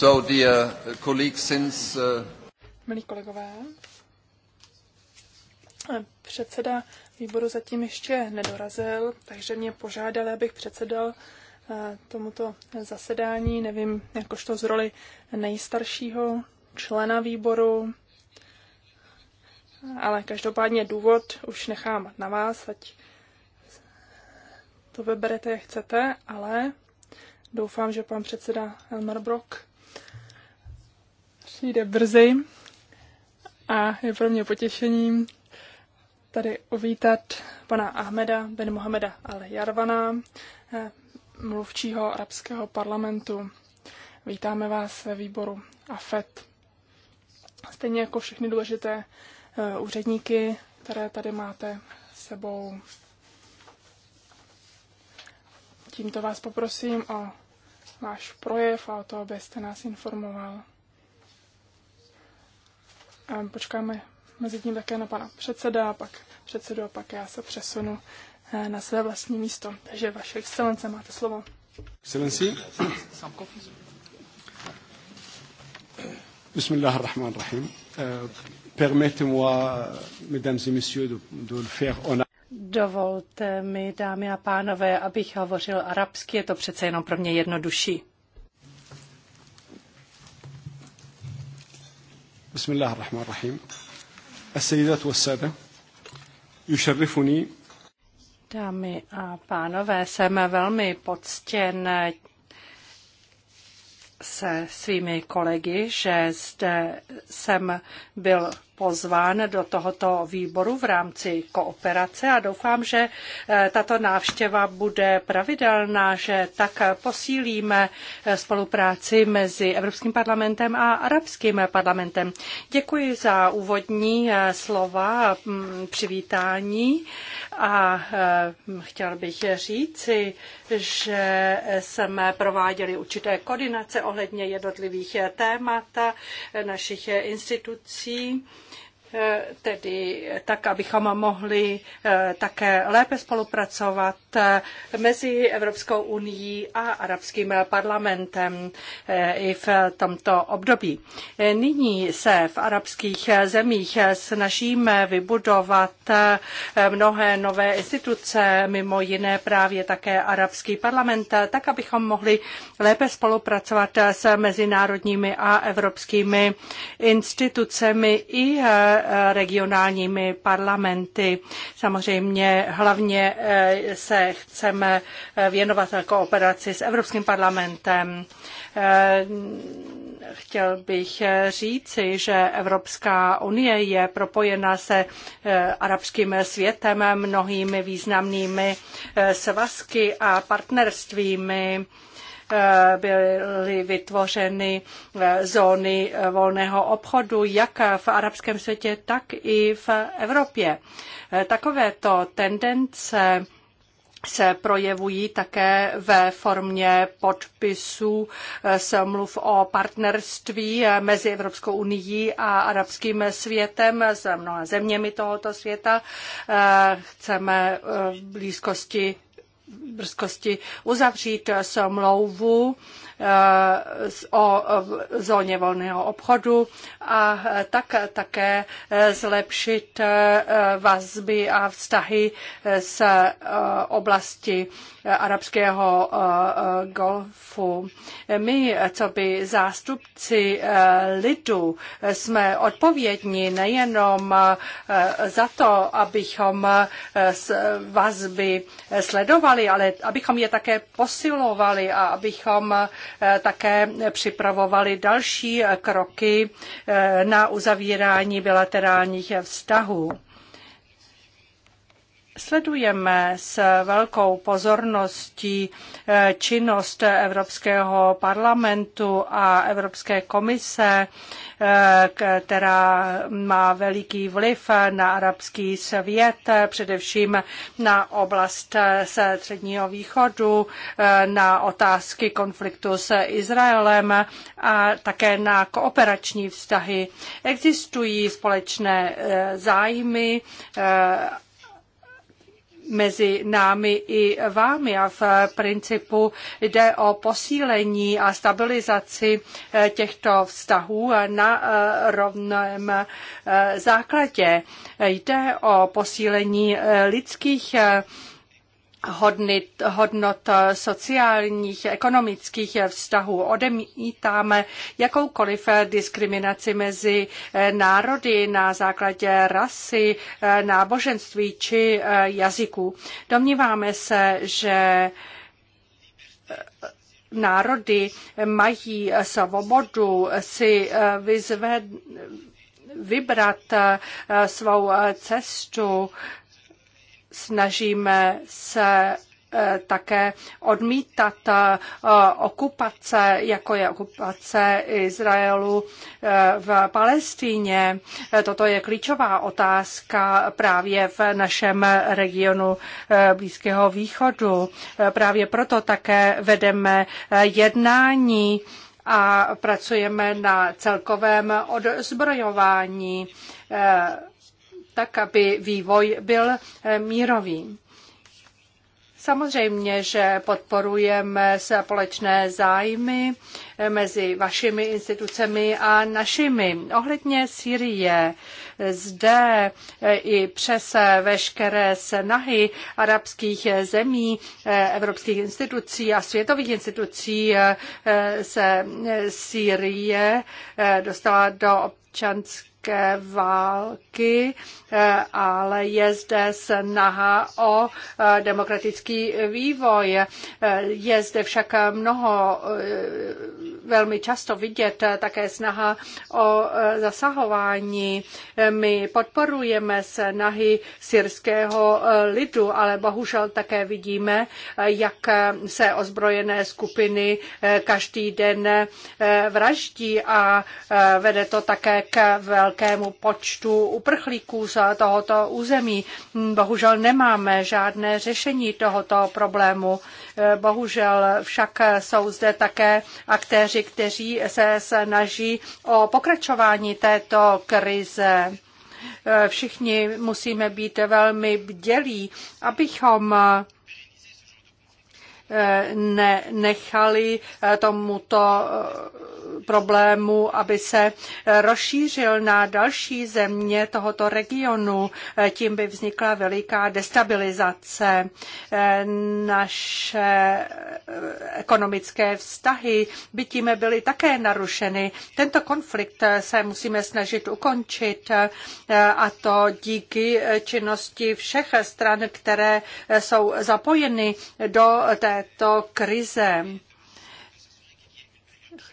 So, dear uh, colleagues, since... Uh... Milí kolegové, eh, předseda výboru zatím ještě nedorazil, takže mě požádal, abych předsedal eh, tomuto zasedání, nevím, jakožto z roli nejstaršího člena výboru, ale každopádně důvod už nechám na vás, ať to vyberete, jak chcete, ale doufám, že pan předseda Elmar Brock přijde brzy a je pro mě potěšením tady uvítat pana Ahmeda bin Mohameda al-Jarvana, eh, mluvčího arabského parlamentu. Vítáme vás ve výboru AFET. Stejně jako všechny důležité eh, úředníky, které tady máte sebou. Tímto vás poprosím o váš projev a o to, abyste nás informoval. Počkáme mezi tím také na pana předseda, a pak předsedu a pak já se přesunu eh, na své vlastní místo. Takže vaše excelence, máte slovo. Excelenci. Bismillahirrahmanirrahim. Eh, permettez-moi, mesdames et messieurs, de, de le faire honneur. Dovolte mi, dámy a pánové, abych hovořil arabsky, je to přece jenom pro mě jednodušší. بسم الله الرحمن الرحيم السيدات والسادة يشرفني Dámy a pánové, jsem velmi poctěn se svými kolegy, že zde jsem byl pozván do tohoto výboru v rámci kooperace a doufám, že eh, tato návštěva bude pravidelná, že tak posílíme eh, spolupráci mezi Evropským parlamentem a Arabským parlamentem. Děkuji za úvodní eh, slova mm, přivítání a chtěl bych říci, že jsme prováděli určité koordinace ohledně jednotlivých témat našich institucí. Eh, tedy tak, abychom mohli eh, také lépe spolupracovat mezi Evropskou unii a Arabským parlamentem eh, i v tomto období. Eh, nyní se v arabských zemích snažíme vybudovat eh, mnohé nové instituce, mimo jiné právě také Arabský parlament, tak abychom mohli lépe spolupracovat s mezinárodními a evropskými institucemi i regionálními parlamenty. Samozřejmě hlavně se chceme věnovat kooperaci s Evropským parlamentem. Chtěl bych říci, že Evropská unie je propojena se arabským světem mnohými významnými svazky a partnerstvími byly vytvořeny zóny volného obchodu jak v arabském světě, tak i v Evropě. Takovéto tendence se projevují také ve formě podpisu eh, smluv o partnerství eh, mezi Evropskou unii a arabským světem s mnoha zeměmi tohoto světa. Eh, chceme v blízkosti brzkosti uzavřít smlouvu eh, o zóně volného obchodu a eh, tak také eh, zlepšit vazby a vztahy s oblasti arabského golfu. My, co by zástupci lidu, jsme odpovědní nejenom za to, abychom vazby sledovali, dělali, ale abychom je také posilovali a abychom eh, také připravovali další eh, kroky eh, na uzavírání bilaterálních vztahů. Sledujeme s velkou pozorností eh, činnost Evropského parlamentu a Evropské komise, eh, která má veliký vliv na arabský svět, především na oblast středního východu, eh, na otázky konfliktu s Izraelem a také na kooperační vztahy. Existují společné zájmy mezi námi i vámi a v principu jde o posílení a stabilizaci eh, těchto vztahů na eh, rovném eh, základě. Jde o posílení lidských hodnit, hodnot sociálních, ekonomických vztahů. Odemítáme jakoukoliv diskriminaci mezi eh, národy na základě rasy, eh, náboženství či eh, jazyků. Domníváme se, že národy mají svobodu si vyzved, vybrat svou cestu snažíme se eh, také odmítat eh, okupace, jako je okupace Izraelu eh, v Palestíně. Toto je klíčová otázka právě v našem regionu Blízkého východu. Právě proto také vedeme jednání a pracujeme na celkovém odzbrojování tak aby vývoj byl eh, mírový. Samozřejmě, že podporujeme společné zájmy eh, mezi vašimi institucemi a našimi. Ohledně Syrie, zde eh, i přes veškeré snahy arabských zemí, evropských institucí a světových institucí se Syrie dostala do občanské občanské války, eh, ale je zde snaha o eh, demokratický vývoj. Eh, je zde však mnoho, velmi často vidět také snaha o zasahování. My podporujeme snahy syrského lidu, ale bohužel také vidíme, jak se ozbrojené skupiny každý den vraždí a vede to také k velmi velkému počtu uprchlíků z tohoto území. Bohužel nemáme žádné řešení tohoto problému. Bohužel však jsou zde také aktéři, kteří se snaží o pokračování této krize všichni musíme být velmi bdělí, abychom eh, ne, nechali eh, tomuto problému, aby se rozšířil na další země tohoto regionu. Tím by vznikla veliká destabilizace. Naše ekonomické vztahy by tím byly také narušeny. Tento konflikt se musíme snažit ukončit a to díky činnosti všech stran, které jsou zapojeny do této krize.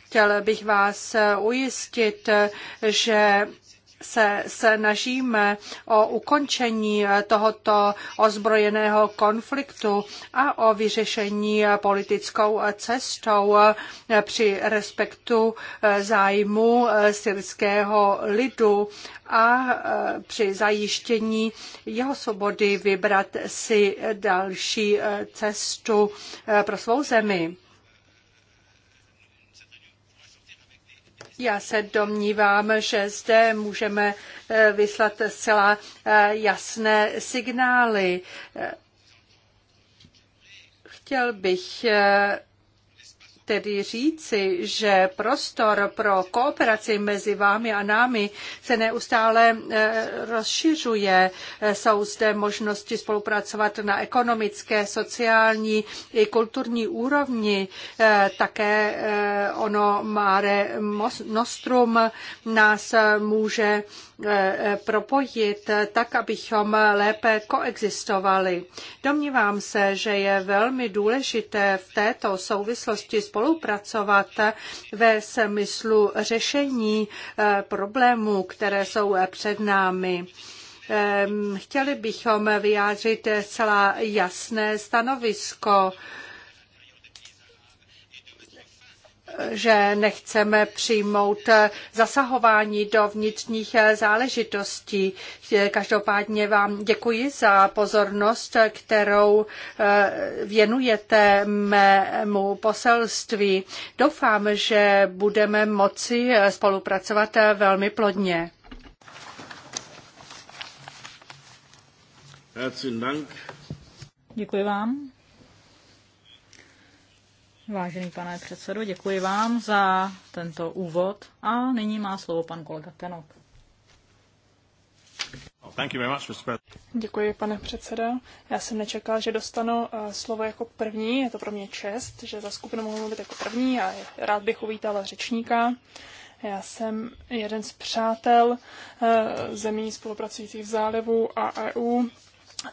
Chtěl bych vás ujistit, že se snažíme o ukončení tohoto ozbrojeného konfliktu a o vyřešení politickou cestou při respektu zájmu syrského lidu a při zajištění jeho svobody vybrat si další cestu pro svou zemi. Já se domnívám, že zde můžeme eh, vyslat zcela eh, jasné signály. Chtěl bych eh, tedy říci, že prostor pro kooperaci mezi vámi a námi se neustále eh, rozšiřuje. Jsou zde možnosti spolupracovat na ekonomické, sociální i kulturní úrovni. Eh, také eh, ono Mare Nostrum nás může Eh, propojit eh, tak, abychom lépe koexistovali. Domnívám se, že je velmi důležité v této souvislosti spolupracovat eh, ve smyslu řešení problémů, které jsou před námi. Ehm, chtěli bychom vyjádřit celá jasné stanovisko že nechceme přijmout zasahování do vnitřních záležitostí. Každopádně vám děkuji za pozornost, kterou eh, věnujete mému poselství. Doufám, že budeme moci spolupracovat velmi plodně. Děkuji vám. Vážený pane předsedo, děkuji vám za tento úvod a nyní má slovo pan kolega Tenok. Děkuji, pane předsedo. Já jsem nečekal, že dostanu eh, slovo jako první. Je to pro mě čest, že za skupinu mohu mluvit jako první a rád bych uvítal řečníka. Já jsem jeden z přátel eh, zemí spolupracujících v zálivu a EU,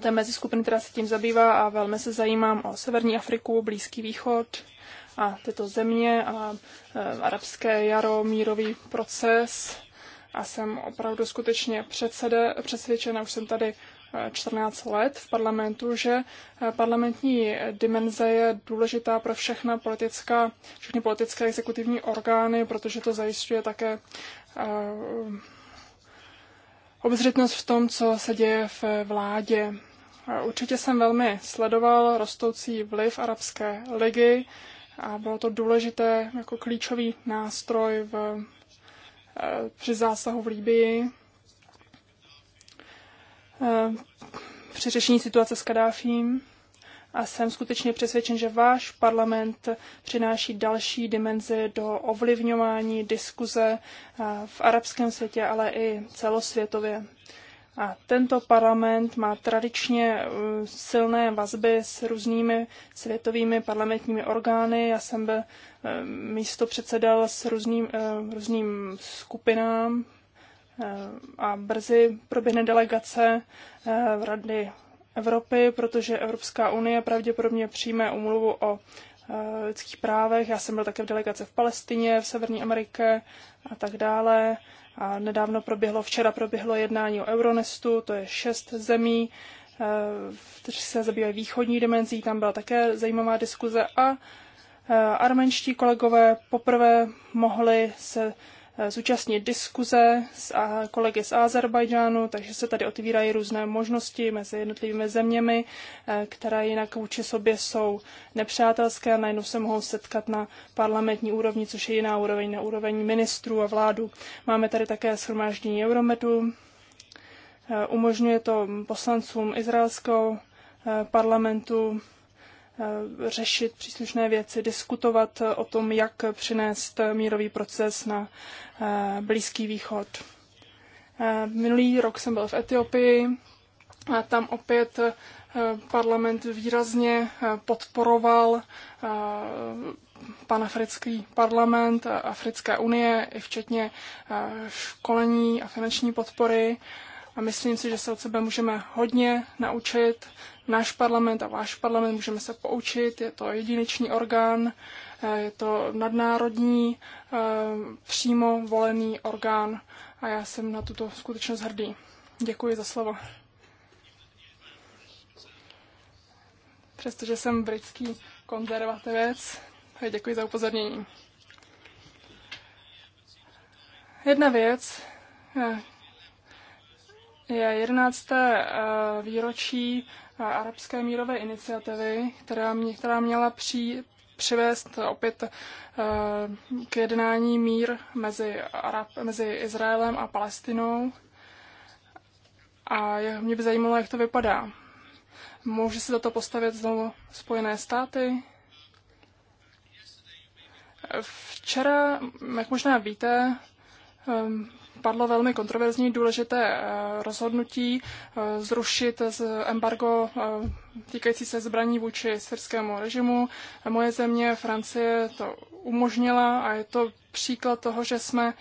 mezi meziskupiny, která se tím zabývá a velmi se zajímám o Severní Afriku, Blízký východ a tyto země a e, arabské jaro, mírový proces a jsem opravdu skutečně předsede, přesvědčena, už jsem tady 14 e, let v parlamentu, že e, parlamentní dimenze je důležitá pro všechna politická, všechny politické exekutivní orgány, protože to zajišťuje také obzřetnost v tom, co se děje v vládě. Určitě jsem velmi sledoval rostoucí vliv Arabské ligy a bylo to důležité jako klíčový nástroj v, eh, při zásahu v Líbii, eh, při řešení situace s Kadáfím. A jsem skutečně přesvědčen, že váš parlament přináší další dimenzi do ovlivňování diskuze eh, v arabském světě, ale i celosvětově. A tento parlament má tradičně uh, silné vazby s různými světovými parlamentními orgány. Já jsem byl uh, místo předsedal s různým, uh, různým skupinám a brzy proběhne delegace v Rady Evropy, protože Evropská unie pravděpodobně přijme umluvu o Eh, lidských právech. Já jsem byl také v delegaci v Palestině, v Severní Americe a tak dále. A nedávno proběhlo, včera proběhlo jednání o Euronestu, to je šest zemí, eh, kteří se zabývají východní dimenzí, tam byla také zajímavá diskuze a eh, armenští kolegové poprvé mohli se Eh, zúčastnit diskuze s kolegy z Azerbajdžánu, takže se tady otvírají různé možnosti mezi jednotlivými zeměmi, eh, které jinak vůči sobě jsou nepřátelské a najednou se mohou setkat na parlamentní úrovni, což je jiná úroveň, na úroveň ministrů a vládu. Máme tady také shromáždění Euromedu, eh, umožňuje to poslancům izraelského parlamentu Eh, řešit příslušné věci, diskutovat eh, o tom, jak přinést mírový proces na eh, Blízký východ. Minulý rok jsem byl v Etiopii a tam opět parlament výrazně podporoval panafrický parlament, Africké unie, i včetně školení a finanční podpory. A myslím si, že se od sebe můžeme hodně naučit náš parlament a váš parlament, můžeme se poučit, je to jedinečný orgán, eh, je to nadnárodní, eh, přímo volený orgán a já jsem na tuto skutečnost hrdý. Děkuji za slovo. Přestože jsem britský konzervativec, děkuji za upozornění. Jedna věc, eh, je 11. výročí Eh, arabské mírové iniciativy, která, mě, která měla při, přivést opět eh, k jednání mír mezi, Arab, mezi Izraelem a Palestinou. A mě by zajímalo, jak to vypadá. Může se do toho postavit znovu Spojené státy? Včera, jak možná víte, padlo velmi kontroverzní důležité eh, rozhodnutí eh, zrušit embargo eh, týkající se zbraní vůči syrskému režimu. Moje země, Francie, to umožnila a je to příklad toho, že jsme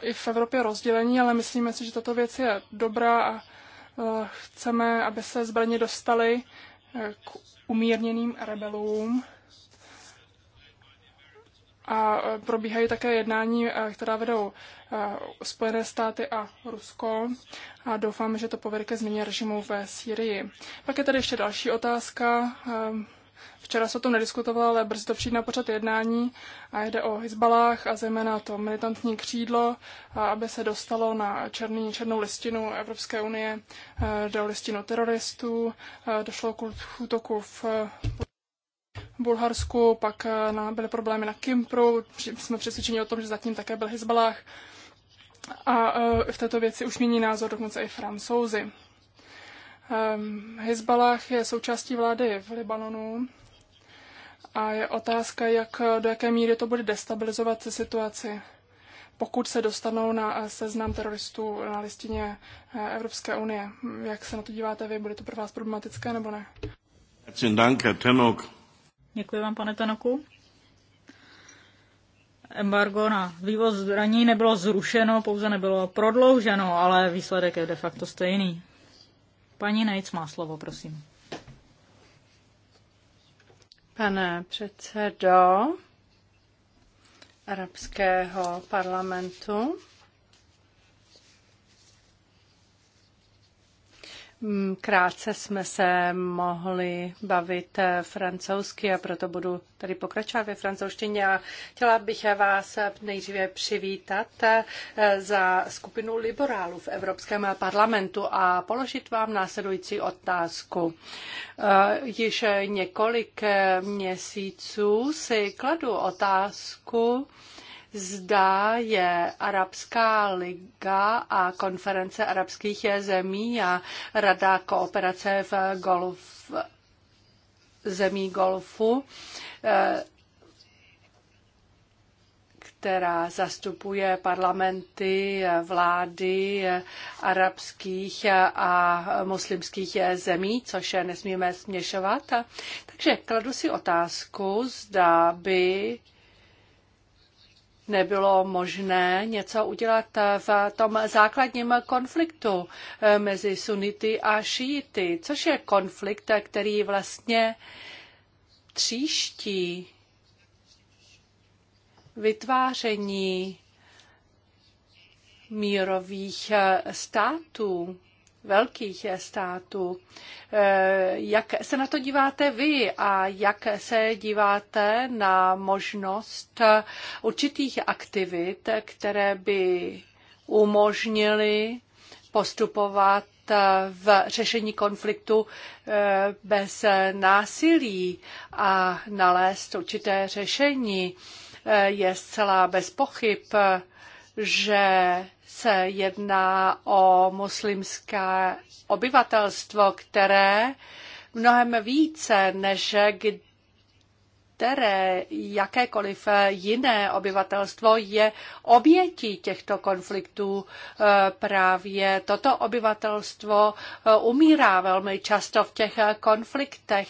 i v Evropě rozdělení, ale myslíme si, že tato věc je dobrá a chceme, aby se zbraně dostaly k umírněným rebelům a e, probíhají také jednání, e, která vedou e, Spojené státy a Rusko. A doufám, že to povede ke změně režimu ve Sýrii. Pak je tady ještě další otázka. Včera se o tom nediskutovalo, ale brzy to přijde na pořad jednání a jde o Hezbalách a zejména to militantní křídlo, aby se dostalo na černý, černou listinu Evropské unie, do listinu teroristů. Došlo k útoku v Bulharsku, pak eh, byly problémy na Kypru, jsme přesvědčeni o tom, že zatím také byl Hezbalách. A eh, v této věci už mění názor dokonce i francouzi. Ehm, Hezbalah je součástí vlády v Libanonu a je otázka, jak, eh, do jaké míry to bude destabilizovat situaci pokud se dostanou na seznam teroristů na listině Evropské unie. Jak se na to díváte vy? Bude to pro vás problematické nebo ne? Dank, Herr Tenok. Děkuji vám, pane Tanoku. Embargo na vývoz zbraní nebylo zrušeno, pouze nebylo prodlouženo, ale výsledek je de facto stejný. Paní Nejc má slovo, prosím. Pane předsedo Arabského parlamentu, Mm, krátce jsme se mohli bavit eh, francouzsky a proto budu tady pokračovat ve francouzštině a chtěla bych vás nejdříve přivítat eh, za skupinu liberálů v Evropském parlamentu a položit vám následující otázku. Eh, již několik měsíců si kladu otázku, zda je Arabská liga a konference arabských zemí a Rada kooperace v golf, zemí golfu eh, která zastupuje parlamenty vlády arabských a muslimských zemí, což nesmíme směšovat. Takže kladu si otázku, zda by nebylo možné něco udělat v tom základním konfliktu eh, mezi sunity a šíity, což je konflikt, který vlastně tříští vytváření mírových eh, států velkých států. Eh, jak se na to díváte vy a jak se díváte na možnost určitých aktivit, které by umožnily postupovat v řešení konfliktu eh, bez násilí a nalézt určité řešení eh, je zcela bez pochyb že se jedná o muslimské obyvatelstvo, které mnohem více než které jakékoliv eh, jiné obyvatelstvo je obětí těchto konfliktů. Eh, právě toto obyvatelstvo eh, umírá velmi často v těch konfliktech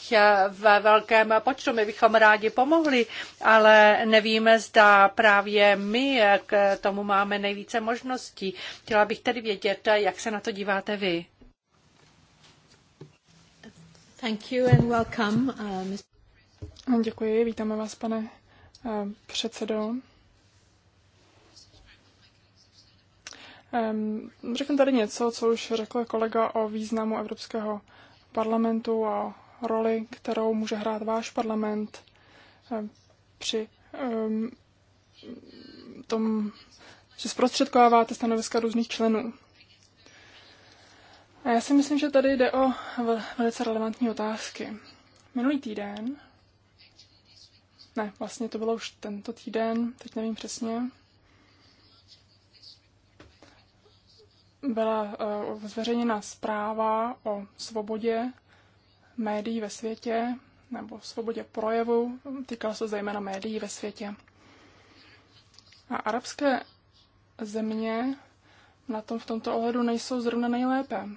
ve velkém počtu. My bychom rádi pomohli, ale nevíme, zda právě my k tomu máme nejvíce možností. Chtěla bych tedy vědět, jak se na to díváte vy. Thank you and welcome, uh, Mr. Děkuji, vítáme vás, pane eh, předsedo. Řeknu tady něco, co už řekl kolega o významu Evropského parlamentu a roli, kterou může hrát váš parlament eh, při tom, že zprostředkováváte stanoviska různých členů. A já si myslím, že tady jde o velice relevantní otázky. Minulý týden ne, vlastně to bylo už tento týden, teď nevím přesně. Byla uh, zveřejněna zpráva o svobodě médií ve světě, nebo svobodě projevu, týkala se zejména médií ve světě. A arabské země na tom v tomto ohledu nejsou zrovna nejlépe,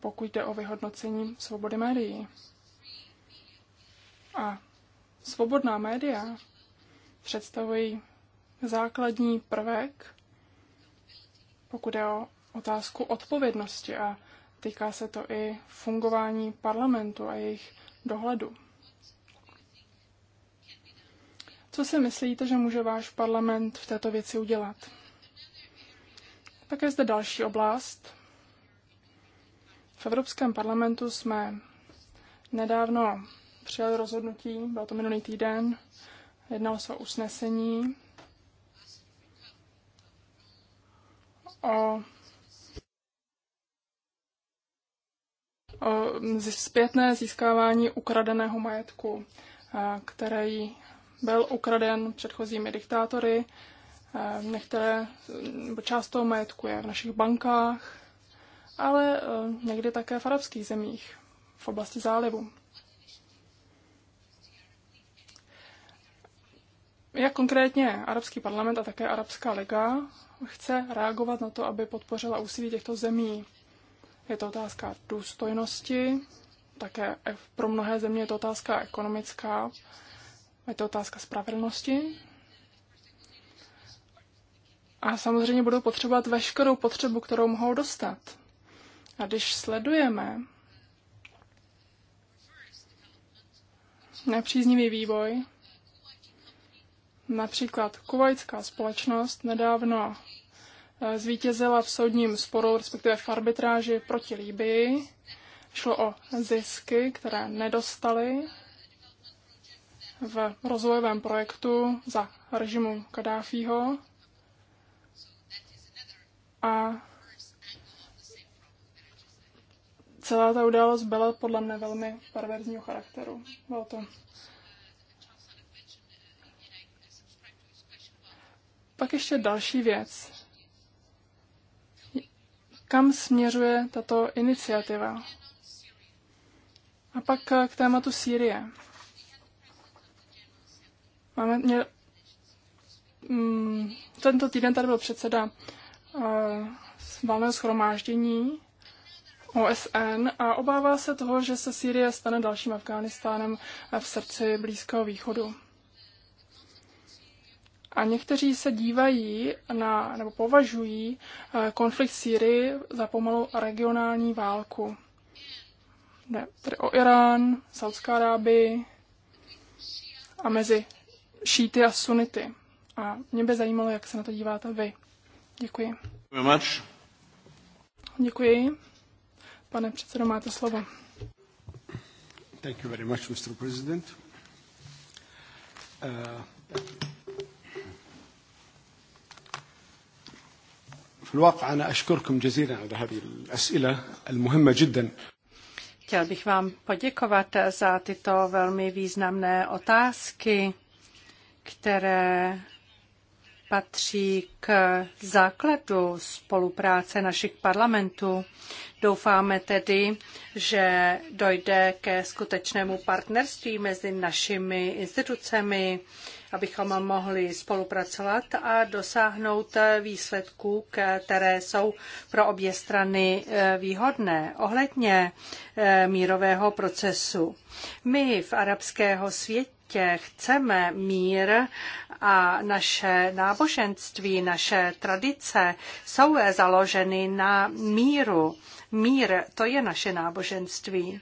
pokud jde o vyhodnocení svobody médií. A svobodná média představují základní prvek, pokud je o otázku odpovědnosti a týká se to i fungování parlamentu a jejich dohledu. Co si myslíte, že může váš parlament v této věci udělat? Také zde další oblast. V Evropském parlamentu jsme nedávno přijali rozhodnutí, bylo to minulý týden, jednalo se o usnesení o, o zpětné získávání ukradeného majetku, který byl ukraden předchozími diktátory. Některé, část toho majetku je v našich bankách, ale někdy také v arabských zemích v oblasti zálivu. Jak konkrétně Arabský parlament a také Arabská liga chce reagovat na to, aby podpořila úsilí těchto zemí? Je to otázka důstojnosti, také pro mnohé země je to otázka ekonomická, je to otázka spravedlnosti. A samozřejmě budou potřebovat veškerou potřebu, kterou mohou dostat. A když sledujeme nepříznivý vývoj Například kuvajská společnost nedávno eh, zvítězila v soudním sporu, respektive v arbitráži proti Líbii. Šlo o zisky, které nedostali v rozvojovém projektu za režimu Kadáfího. A celá ta událost byla podle mne velmi perverzního charakteru. Bylo to Pak ještě další věc. Kam směřuje tato iniciativa? A pak eh, k tématu Sýrie. Máme, mě, mm, tento týden tady byl předseda uh, valného schromáždění OSN a obává se toho, že se Sýrie stane dalším Afghánistánem eh, v srdci Blízkého východu. A někteří se dívají na, nebo považují eh, konflikt Sýrii za pomalu regionální válku. Jde tedy o Irán, Saudská Arábii a mezi šíty a sunity. A mě by zajímalo, jak se na to díváte vy. Děkuji. Děkuji. Pane předsedo, máte slovo. Thank you very much, Mr. President. Uh, في الواقع أنا أشكركم جزيلا على هذه الأسئلة المهمة جدا Chtěl bych vám poděkovat za tyto velmi významné otázky, které patří k základu spolupráce našich parlamentů. Doufáme tedy, že dojde ke skutečnému partnerství mezi našimi institucemi, abychom mohli spolupracovat a dosáhnout výsledků, které jsou pro obě strany eh, výhodné ohledně eh, mírového procesu. My v arabského světě Prostě chceme mír a naše náboženství, naše tradice jsou založeny na míru. Mír to je naše náboženství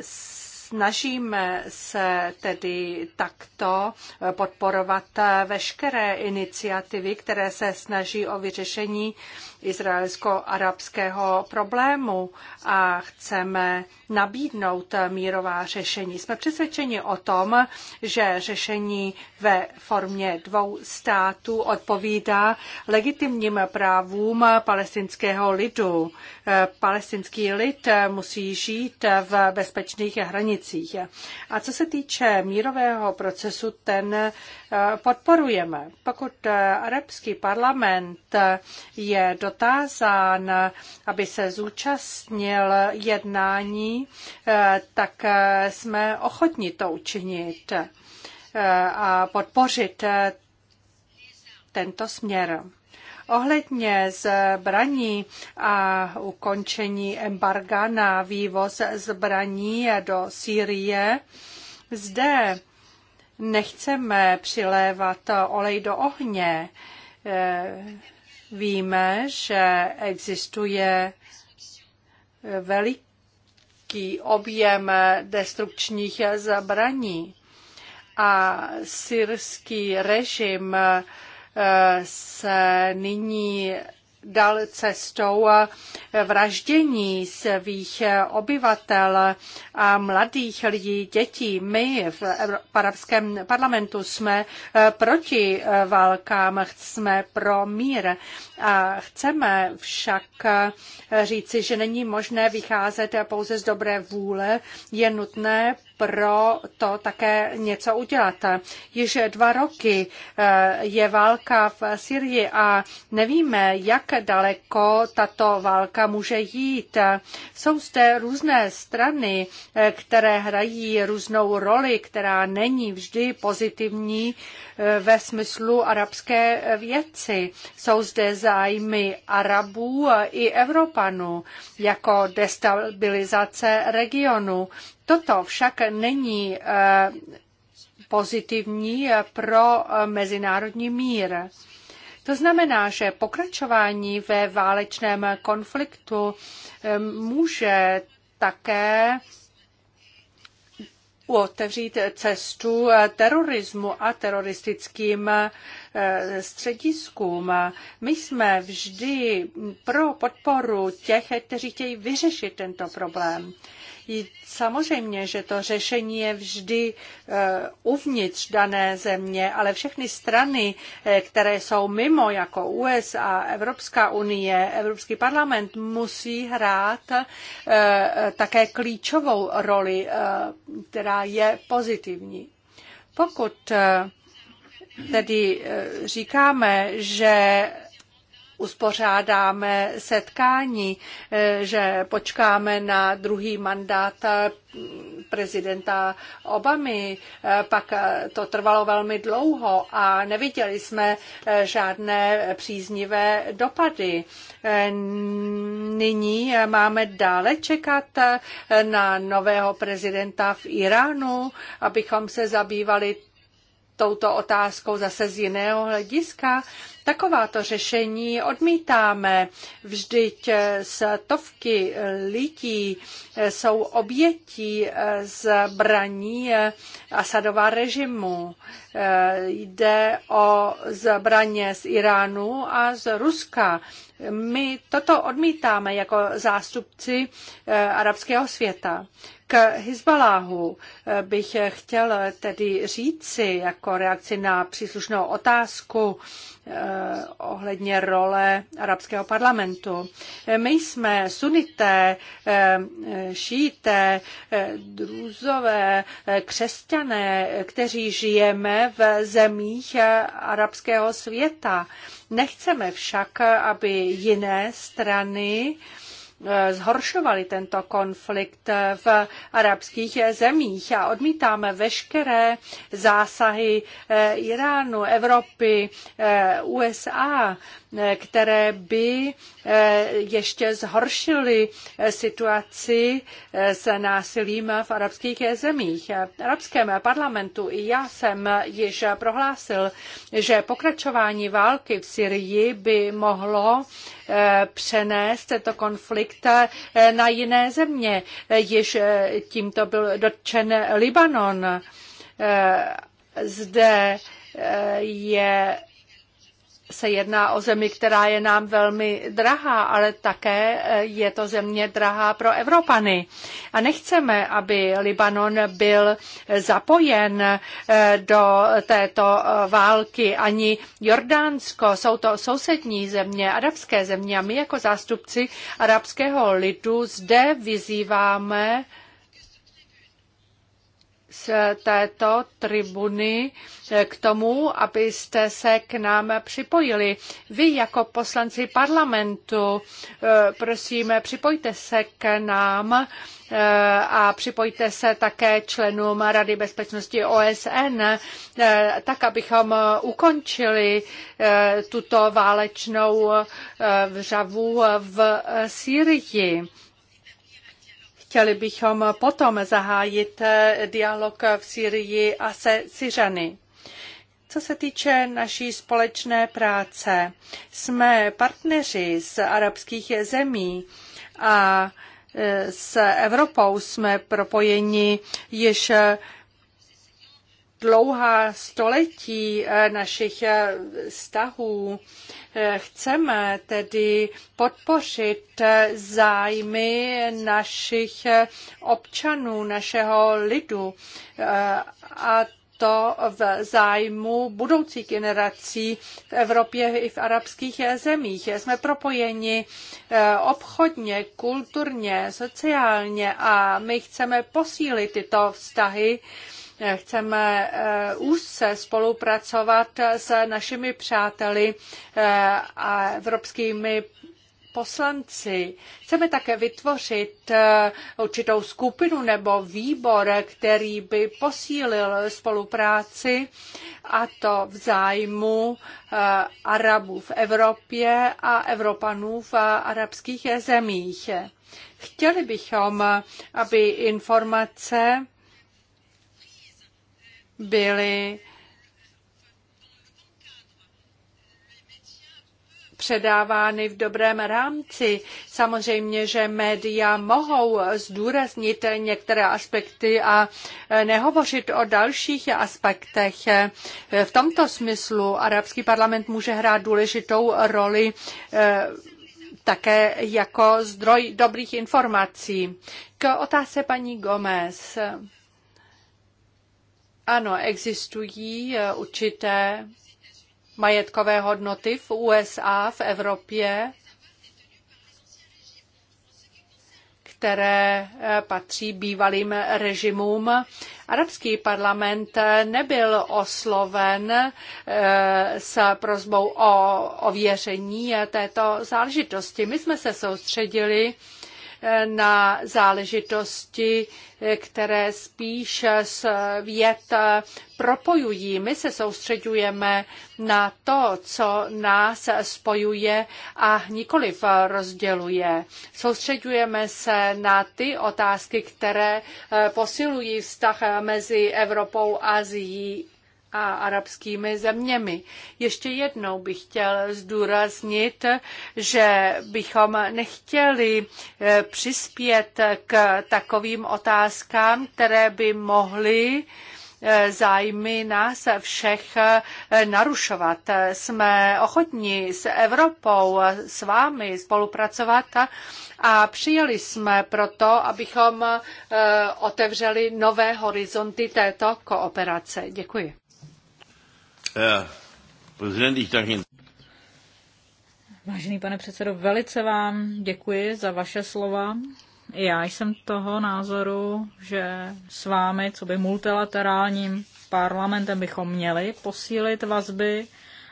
snažíme se tedy takto podporovat veškeré iniciativy, které se snaží o vyřešení izraelsko-arabského problému a chceme nabídnout mírová řešení. Jsme přesvědčeni o tom, že řešení ve formě dvou států odpovídá legitimním právům palestinského lidu. Eh, palestinský lid musí žít v bezpečných hranicích. A co se týče mírového procesu, ten eh, podporujeme. Pokud eh, arabský parlament je do dotázán, aby se zúčastnil jednání, eh, tak eh, jsme ochotni to učinit eh, a podpořit tento směr. Ohledně zbraní a ukončení embarga na vývoz zbraní do Sýrie, zde nechceme přilévat olej do ohně Víme, že existuje veliký objem destrukčních zabraní a syrský režim eh, se nyní dal cestou vraždění svých obyvatel a mladých lidí, dětí. My v Arabském parlamentu jsme eh, proti eh, válkám, jsme pro mír a chceme však eh, říci, že není možné vycházet pouze z dobré vůle, je nutné pro to také něco udělat. Již dva roky eh, je válka v Syrii a nevíme, jak daleko tato válka může jít. Jsou zde různé strany, eh, které hrají různou roli, která není vždy pozitivní eh, ve smyslu arabské věci. Jsou zde zájmy Arabů i Evropanů jako destabilizace regionu. Toto však není eh, pozitivní eh, pro eh, mezinárodní mír. To znamená, že pokračování ve válečném konfliktu může také otevřít cestu terorismu a teroristickým střediskům. My jsme vždy pro podporu těch, kteří chtějí vyřešit tento problém. Samozřejmě, že to řešení je vždy e, uvnitř dané země, ale všechny strany, e, které jsou mimo, jako USA, Evropská unie, Evropský parlament, musí hrát e, také klíčovou roli, která je pozitivní. Pokud tedy říkáme, že uspořádáme setkání, eh, že počkáme na druhý mandát eh, prezidenta Obamy. Eh, pak to trvalo velmi dlouho a neviděli jsme žádné příznivé dopady. Nyní máme dále čekat na nového prezidenta v Iránu, abychom se zabývali touto otázkou zase z jiného hlediska. Takováto řešení odmítáme. Vždyť stovky lidí jsou obětí zbraní Asadova režimu. Jde o zbraně z Iránu a z Ruska. My toto odmítáme jako zástupci arabského světa. K Hizbaláhu eh, bych chtěl tedy říci jako reakci na příslušnou otázku eh, ohledně role arabského parlamentu. Eh, my jsme sunité, šíité, druzové, křesťané, kteří žijeme v zemích arabského světa. Nechceme však, aby jiné strany Eh, zhoršovali tento konflikt eh, v arabských zemích a odmítáme veškeré zásahy eh, Iránu, Evropy, USA, které by ještě zhoršily situaci s násilím v arabských zemích. V arabském parlamentu i já jsem již prohlásil, že pokračování války v Syrii by mohlo přenést tento konflikt konflikt eh, na jiné země. Eh, již eh, tímto byl dotčen Libanon. Zde je se jedná o zemi, která je nám velmi drahá, ale také eh, je to země drahá pro Evropany. A nechceme, aby Libanon byl zapojen eh, do této eh, války, ani Jordánsko. Jsou to sousední země, arabské země a my jako zástupci arabského lidu zde vyzýváme z této tribuny eh, k tomu, abyste se k nám připojili. Vy jako poslanci parlamentu, eh, prosím, připojte se k nám eh, a připojte se také členům Rady bezpečnosti OSN, tak abychom ukončili tuto válečnou vřavu v Sýrii. Chtěli bychom potom zahájit eh, dialog v Syrii a se Syřany. Co se týče naší společné práce, jsme partneři z arabských zemí a eh, s Evropou jsme propojeni již dlouhá století eh, našich eh, vztahů. Eh, chceme tedy podpořit zájmy našich občanů, našeho lidu a to v zájmu budoucí generací v Evropě i v arabských zemích. Jsme propojeni obchodně, kulturně, sociálně a my chceme posílit tyto vztahy Chceme eh, úzce spolupracovat s našimi přáteli eh, a evropskými poslanci. Chceme také vytvořit eh, určitou skupinu nebo výbor, který by posílil spolupráci a to v zájmu Arabů v Evropě a Evropanů v arabských zemích. Chtěli bychom, aby informace byly předávány v dobrém rámci. Samozřejmě, že média mohou zdůraznit některé aspekty a nehovořit o dalších aspektech. V tomto smyslu Arabský parlament může hrát důležitou roli eh, také jako zdroj dobrých informací. K otázce paní Gomez. Ano, existují eh, určité majetkové hodnoty v USA, v Evropě, které eh, patří bývalým režimům. Arabský parlament eh, nebyl osloven s prozbou o ověření této záležitosti. My jsme se soustředili na záležitosti, které spíš věd propojují. My se soustředujeme na to, co nás spojuje a nikoliv rozděluje. Soustředujeme se na ty otázky, které posilují vztah mezi Evropou a Azií a arabskými zeměmi. Ještě jednou bych chtěl zdůraznit, že bychom nechtěli eh, přispět k takovým otázkám, které by mohly eh, zájmy nás všech eh, narušovat. Jsme ochotní s Evropou, s vámi spolupracovat a přijeli jsme proto, abychom otevřeli nové horizonty této kooperace. Děkuji. Vážený pane předsedo, velice vám děkuji za vaše slova. Já jsem toho názoru, že s vámi, co by multilaterálním parlamentem, bychom měli posílit vazby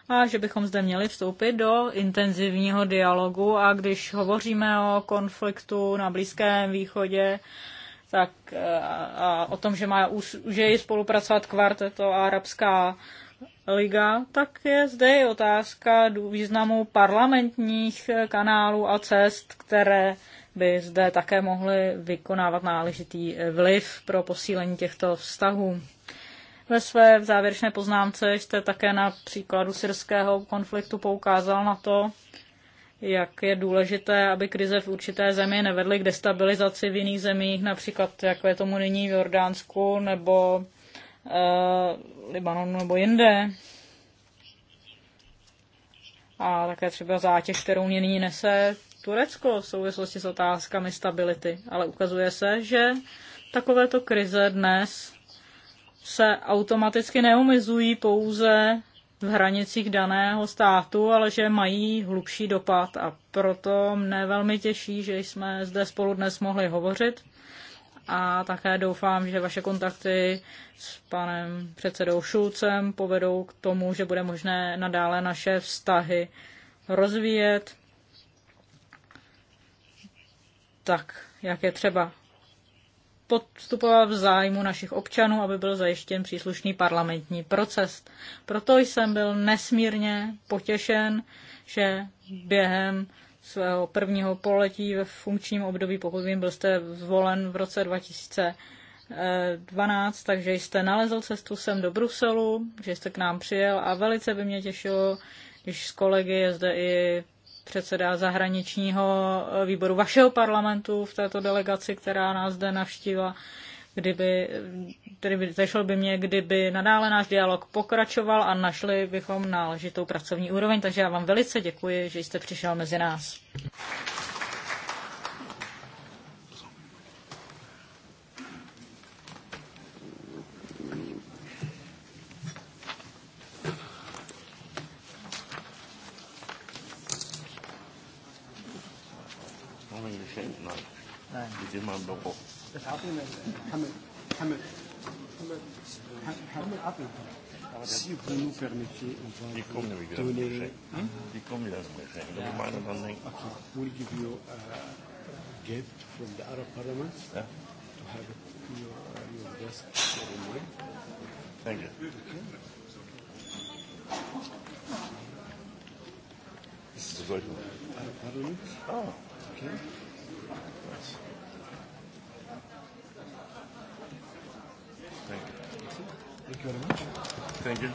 a že bychom zde měli vstoupit do intenzivního dialogu. A když hovoříme o konfliktu na Blízkém východě, tak a, a o tom, že má už, že spolupracovat kvarteto a arabská liga, tak je zde i otázka významu parlamentních eh, kanálů a cest, které by zde také mohly vykonávat náležitý eh, vliv pro posílení těchto vztahů. Ve své závěrečné poznámce jste také na příkladu syrského konfliktu poukázal na to, jak je důležité, aby krize v určité zemi nevedly k destabilizaci v jiných zemích, například jako je tomu nyní v Jordánsku nebo Eh, Libanonu nebo jinde. A také třeba zátěž, kterou nyní nese Turecko v souvislosti s otázkami stability. Ale ukazuje se, že takovéto krize dnes se automaticky neumizují pouze v hranicích daného státu, ale že mají hlubší dopad a proto mne velmi těší, že jsme zde spolu dnes mohli hovořit a také doufám, že vaše kontakty s panem předsedou Šulcem povedou k tomu, že bude možné nadále naše vztahy rozvíjet tak, jak je třeba podstupovat v zájmu našich občanů, aby byl zajištěn příslušný parlamentní proces. Proto jsem byl nesmírně potěšen, že během svého prvního poletí ve funkčním období, pokud vím, byl jste zvolen v roce 2012, takže jste nalezl cestu sem do Bruselu, že jste k nám přijel a velice by mě těšilo, když s kolegy je zde i předseda zahraničního výboru vašeho parlamentu v této delegaci, která nás zde navštívila, kdyby, tedy zašel by mě, kdyby nadále náš dialog pokračoval a našli bychom náležitou pracovní úroveň. Takže já vám velice děkuji, že jste přišel mezi nás. Nein. Atmen, Hamel, Hamel, Hamel, Atmen. Si vous nous permettez, on va die komen we weer donner... Die komen daar We'll give you a gift from the Arab Parliament to have it your, your desk for Thank you. This is the Arab Parliament. Oh. Okay. Thank you very much. Thank you.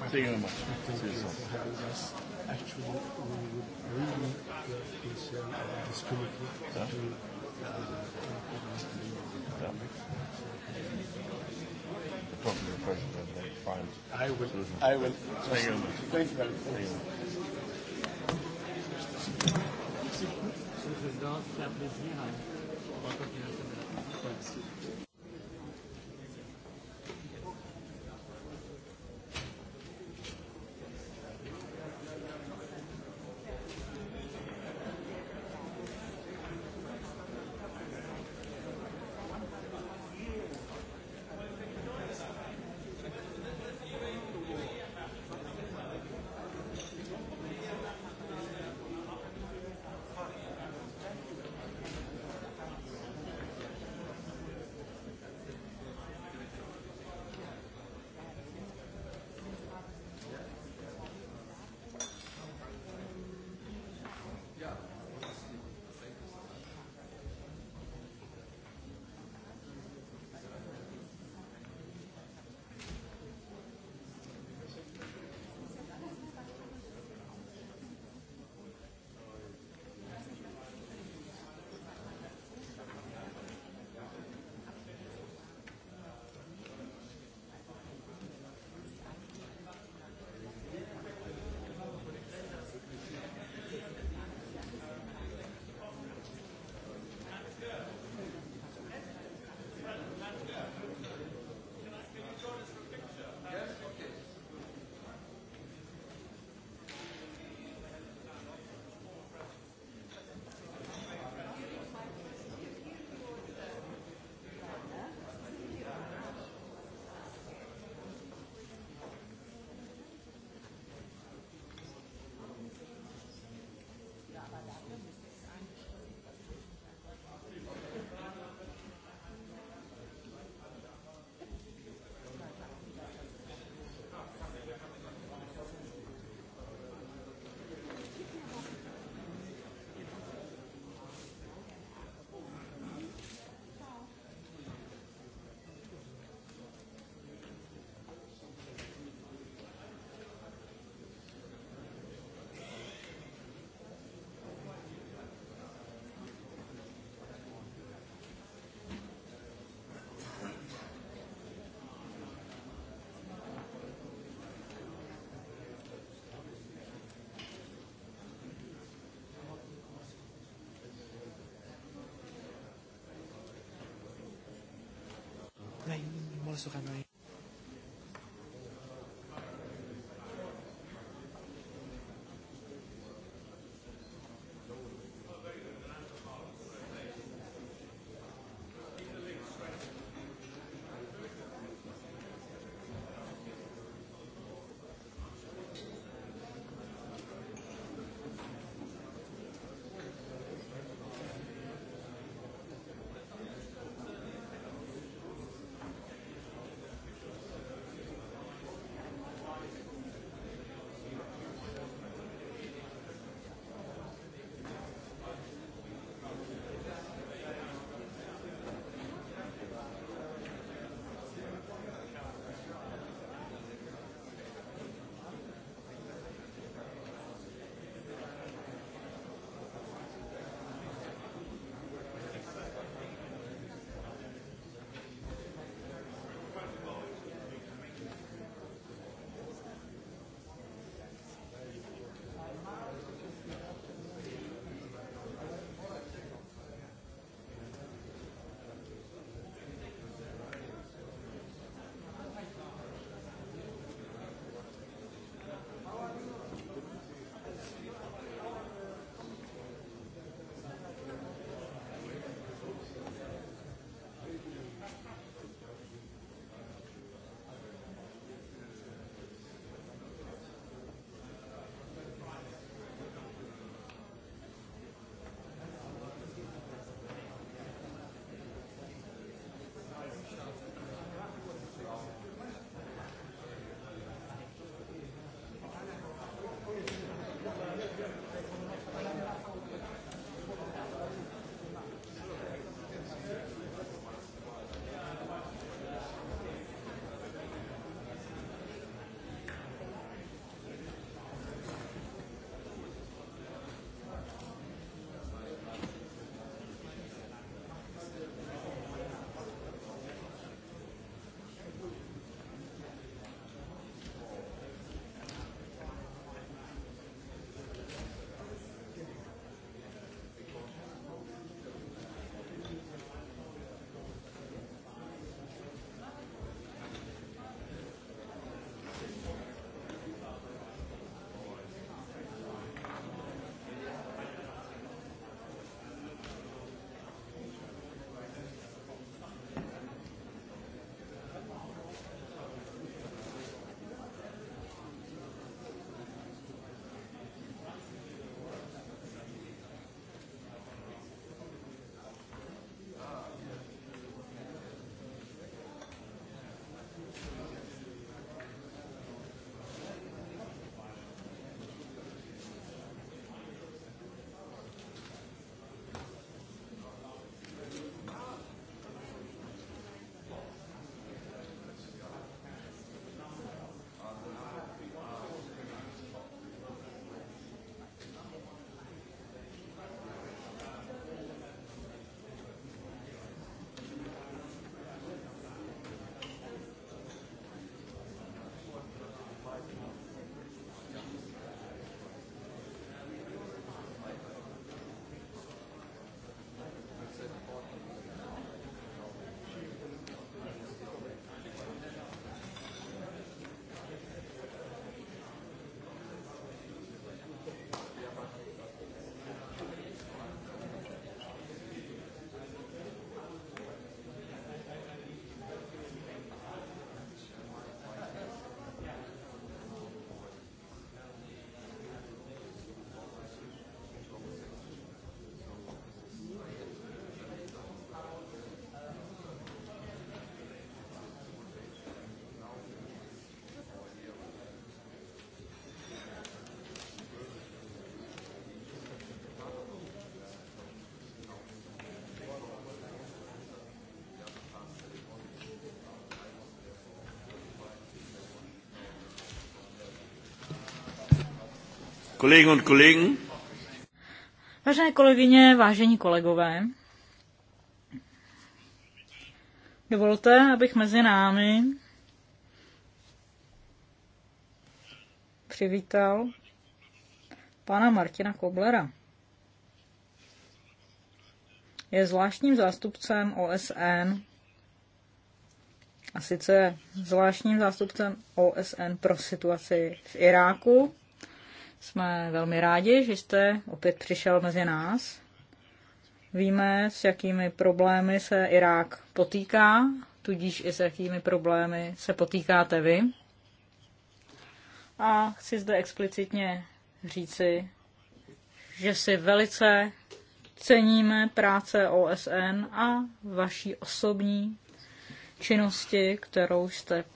Thank you very much. Thank See you soon. for having us. Actually, we would really uh, concern about this committee yeah. to uh, yeah. the problem of the president they find. I will. Solution. I will. Thank you very much. Thank you very much. Thank you. Monsieur le Président, c'est un plaisir. Sorano. Kolegen und Kollegen. Vážené kolegyně, vážení kolegové, dovolte, abych mezi námi přivítal pana Martina Koblera. Je zvláštním zástupcem OSN a sice zvláštním zástupcem OSN pro situaci v Iráku jsme velmi rádi, že jste opět přišel mezi nás. Víme, s jakými problémy se Irák potýká, tudíž i s jakými problémy se potýkáte vy. A chci zde explicitně říci, že si velice ceníme práce OSN a vaší osobní činnosti, kterou jste v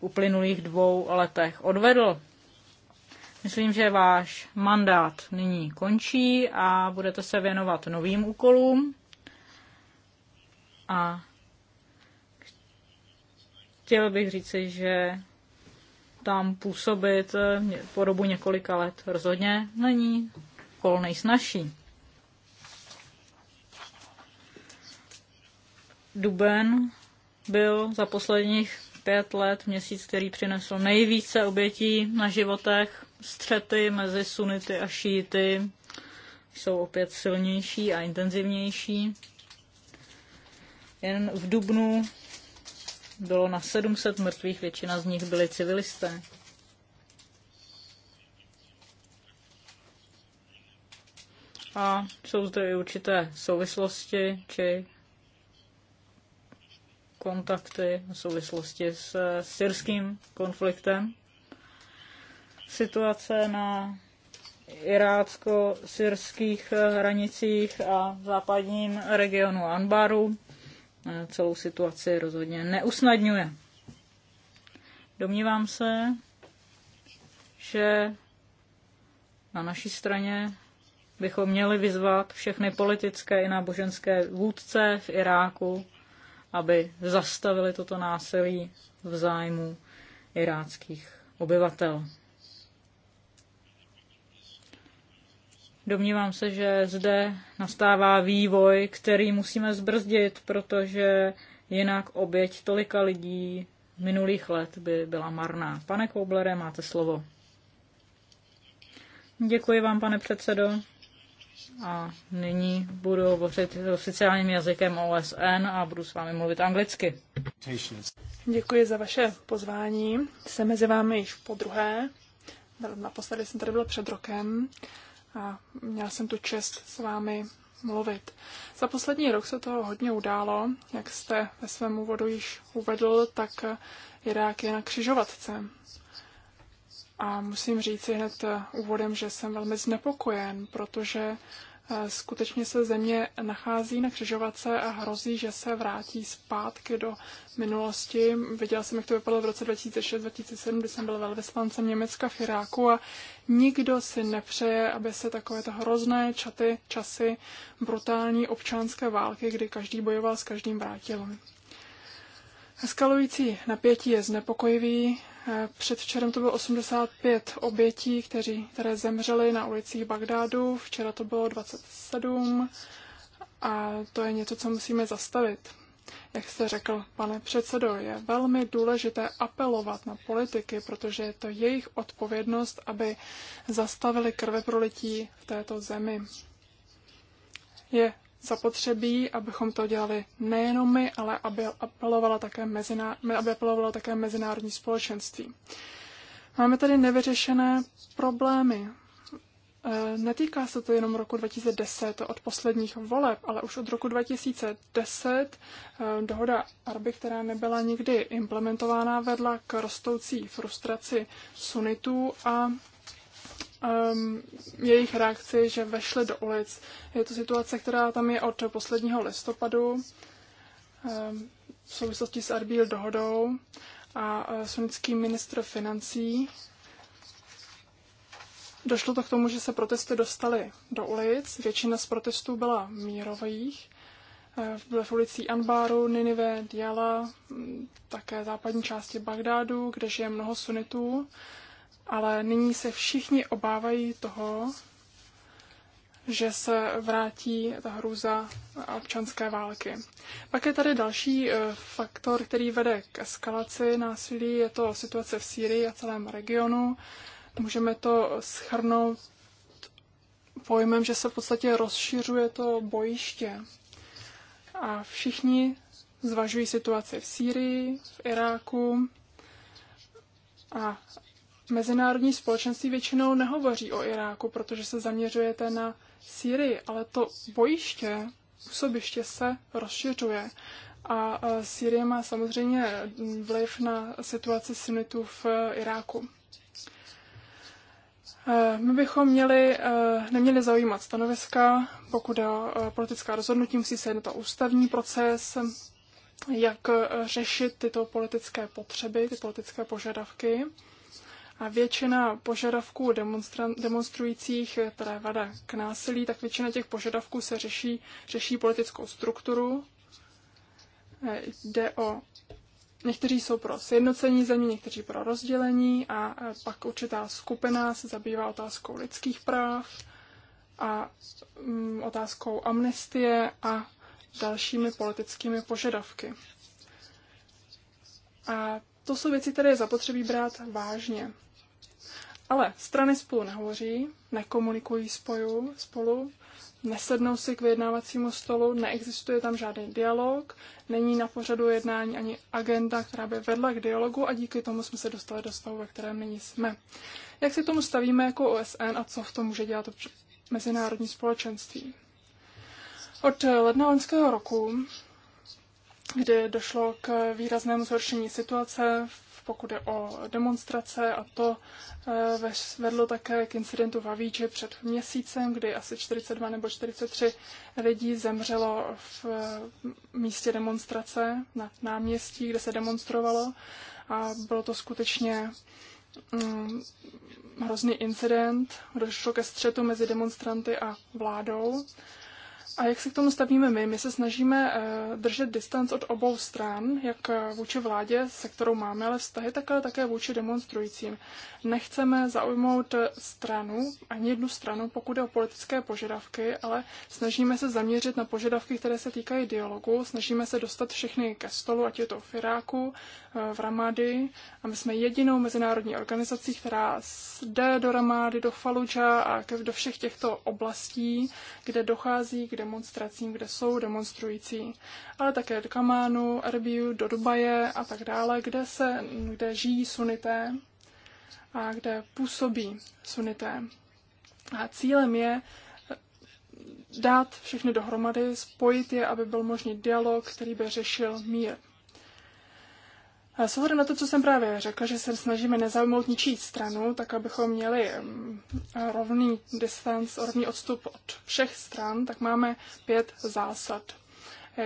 uplynulých dvou letech odvedl. Myslím, že váš mandát nyní končí a budete se věnovat novým úkolům. A chtěl bych říci, že tam působit po dobu několika let rozhodně není kol nejsnažší. Duben byl za posledních pět let měsíc, který přinesl nejvíce obětí na životech střety mezi sunity a šíty jsou opět silnější a intenzivnější. Jen v Dubnu bylo na 700 mrtvých, většina z nich byli civilisté. A jsou zde i určité souvislosti či kontakty v souvislosti s syrským konfliktem situace na irácko-syrských hranicích a v západním regionu Anbaru eh, celou situaci rozhodně neusnadňuje. Domnívám se, že na naší straně bychom měli vyzvat všechny politické i náboženské vůdce v Iráku, aby zastavili toto násilí v zájmu iráckých obyvatel. Domnívám se, že zde nastává vývoj, který musíme zbrzdit, protože jinak oběť tolika lidí minulých let by byla marná. Pane Koublere, máte slovo. Děkuji vám, pane předsedo. A nyní budu hovořit oficiálním jazykem OSN a budu s vámi mluvit anglicky. Děkuji za vaše pozvání. Jsem mezi vámi již po druhé. Naposledy jsem tady byl před rokem a měla jsem tu čest s vámi mluvit. Za poslední rok se toho hodně událo. Jak jste ve svém úvodu již uvedl, tak Irák je na křižovatce. A musím říct si hned úvodem, že jsem velmi znepokojen, protože skutečně se země nachází na křižovatce a hrozí, že se vrátí zpátky do minulosti. Viděla jsem, jak to vypadalo v roce 2006-2007, kdy jsem byl velvyslancem Německa v Iráku a nikdo si nepřeje, aby se takovéto hrozné čaty, časy brutální občanské války, kdy každý bojoval s každým vrátil. Eskalující napětí je znepokojivý, Předvčerem to bylo 85 obětí, kteří, které zemřely na ulicích Bagdádu, včera to bylo 27 a to je něco, co musíme zastavit. Jak jste řekl, pane předsedo, je velmi důležité apelovat na politiky, protože je to jejich odpovědnost, aby zastavili krveprolití v této zemi. Je zapotřebí, abychom to dělali nejenom my, ale aby apelovala také, meziná, aby také mezinárodní společenství. Máme tady nevyřešené problémy. E, netýká se to jenom roku 2010 od posledních voleb, ale už od roku 2010 e, dohoda Arby, která nebyla nikdy implementována, vedla k rostoucí frustraci sunitů a um, jejich reakci, že vešli do ulic. Je to situace, která tam je od posledního listopadu um, v souvislosti s Arbil dohodou a uh, sunnický ministr financí. Došlo to k tomu, že se protesty dostaly do ulic. Většina z protestů byla mírových. Byly uh, v ulicí Anbaru, Ninive, Diala, také západní části Bagdádu, kde žije mnoho sunitů ale nyní se všichni obávají toho, že se vrátí ta hrůza občanské války. Pak je tady další eh, faktor, který vede k eskalaci násilí, je to situace v Sýrii a celém regionu. Můžeme to schrnout pojmem, že se v podstatě rozšiřuje to bojiště. A všichni zvažují situaci v Sýrii, v Iráku a mezinárodní společenství většinou nehovoří o Iráku, protože se zaměřujete na Sýrii, ale to bojiště, působiště se rozšiřuje. A e, Sýrie má samozřejmě vliv na situaci sunitů v e, Iráku. E, my bychom měli, neměli zaujímat stanoviska, pokud je o politická rozhodnutí, musí se jednat o ústavní proces, jak řešit tyto politické potřeby, ty politické požadavky a většina požadavků demonstrujících, eh, teda vada k násilí, tak většina těch požadavků se řeší, řeší politickou strukturu. Eh, jde o Někteří jsou pro sjednocení země, někteří pro rozdělení a eh, pak určitá skupina se zabývá otázkou lidských práv a mm, otázkou amnestie a dalšími politickými požadavky. A to jsou věci, které je zapotřebí brát vážně. Ale strany spolu nehovoří, nekomunikují spoju, spolu, nesednou si k vyjednávacímu stolu, neexistuje tam žádný dialog, není na pořadu jednání ani agenda, která by vedla k dialogu a díky tomu jsme se dostali do stavu, ve kterém nyní jsme. Jak se tomu stavíme jako OSN a co v tom může dělat mezinárodní společenství? Od eh, ledna loňského roku, kdy došlo k výraznému zhoršení situace v pokud je o demonstrace a to eh, vedlo také k incidentu v Avíči před měsícem, kdy asi 42 nebo 43 lidí zemřelo v eh, místě demonstrace na náměstí, kde se demonstrovalo a bylo to skutečně mm, hrozný incident, došlo ke střetu mezi demonstranty a vládou a jak se k tomu stavíme my? My se snažíme eh, držet distanc od obou stran, jak eh, vůči vládě, se kterou máme ale vztahy, tak ale také vůči demonstrujícím. Nechceme zaujmout eh, stranu, ani jednu stranu, pokud je o politické požadavky, ale snažíme se zaměřit na požadavky, které se týkají dialogu, snažíme se dostat všechny ke stolu, ať je to v Iráku, v Ramadi. A my jsme jedinou mezinárodní organizací, která jde do Ramády, do Faluča a do všech těchto oblastí, kde dochází k demonstracím, kde jsou demonstrující, ale také do Kamánu, Erbiu, do Dubaje a tak dále, kde, se, kde žijí sunité a kde působí sunité. A cílem je dát všechny dohromady, spojit je, aby byl možný dialog, který by řešil mír. S ohledem na to, co jsem právě řekl, že se snažíme nezaujmout ničí stranu, tak abychom měli mm, rovný distance, rovný odstup od všech stran, tak máme pět zásad.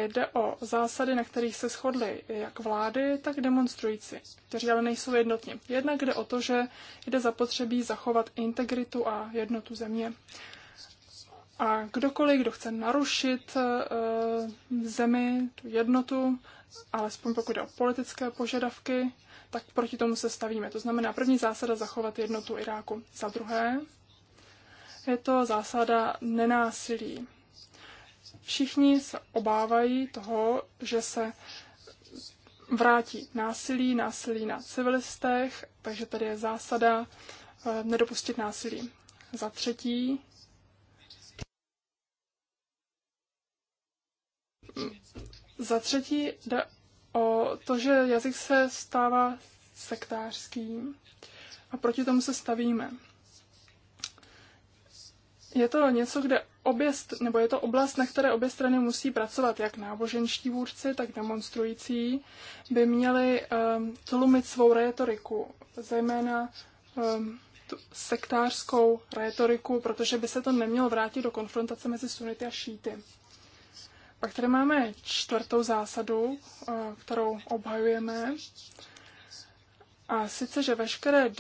Jde o zásady, na kterých se shodly jak vlády, tak demonstrující, kteří ale nejsou jednotní. Jednak jde o to, že jde zapotřebí zachovat integritu a jednotu země. A kdokoliv, kdo chce narušit e, zemi, tu jednotu, alespoň pokud jde o politické požadavky, tak proti tomu se stavíme. To znamená první zásada zachovat jednotu Iráku. Za druhé je to zásada nenásilí. Všichni se obávají toho, že se vrátí násilí, násilí na civilistech, takže tady je zásada eh, nedopustit násilí. Za třetí Za třetí jde o to, že jazyk se stává sektářským a proti tomu se stavíme. Je to něco, kde obě, nebo je to oblast, na které obě strany musí pracovat, jak náboženští vůdci, tak demonstrující, by měli um, tlumit svou retoriku, zejména um, tu sektářskou retoriku, protože by se to nemělo vrátit do konfrontace mezi sunity a šíty. Pak tady máme čtvrtou zásadu, eh, kterou obhajujeme, a sice, že veškeré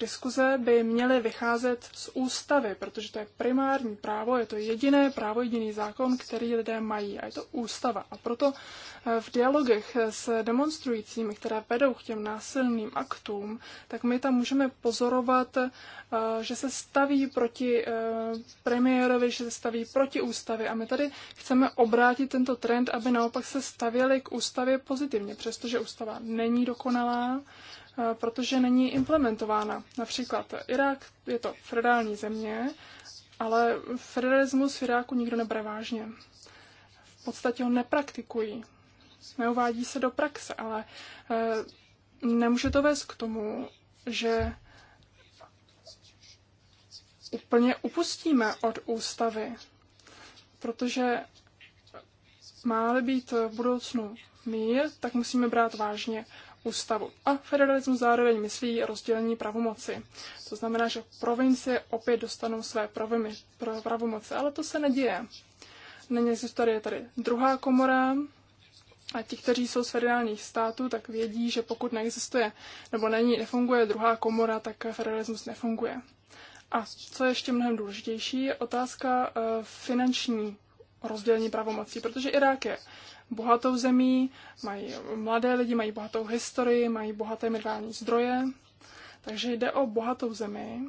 diskuze by měly vycházet z ústavy, protože to je primární právo, je to jediné právo, jediný zákon, který lidé mají a je to ústava. A proto eh, v dialogech s demonstrujícími, které vedou k těm násilným aktům, tak my tam můžeme pozorovat, eh, že se staví proti eh, premiérovi, že se staví proti ústavě a my tady chceme obrátit tento trend, aby naopak se stavěli k ústavě pozitivně, přestože ústava není dokonalá, Eh, protože není implementována. Například Irák je to federální země, ale federalismus v Iráku nikdo nebere vážně. V podstatě ho nepraktikují. Neuvádí se do praxe, ale eh, nemůže to vést k tomu, že úplně upustíme od ústavy, protože má-li být v budoucnu mír, tak musíme brát vážně ústavu. A federalismus zároveň myslí rozdělení pravomoci. To znamená, že provincie opět dostanou své pravomy, pravomoci, ale to se neděje. Není existuje tady druhá komora, a ti, kteří jsou z federálních států, tak vědí, že pokud neexistuje nebo není, nefunguje druhá komora, tak federalismus nefunguje. A co je ještě mnohem důležitější, je otázka eh, finanční rozdělení pravomocí, protože Irák je bohatou zemí, mají mladé lidi, mají bohatou historii, mají bohaté minerální zdroje, takže jde o bohatou zemi,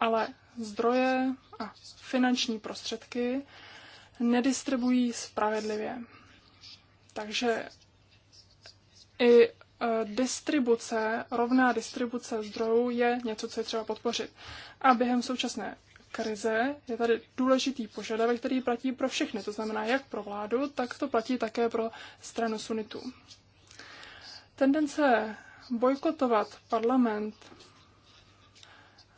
ale zdroje a finanční prostředky nedistribují spravedlivě. Takže i e, distribuce, rovná distribuce zdrojů je něco, co je třeba podpořit. A během současné krize je tady důležitý požadavek, který platí pro všechny, to znamená jak pro vládu, tak to platí také pro stranu sunitů. Tendence bojkotovat parlament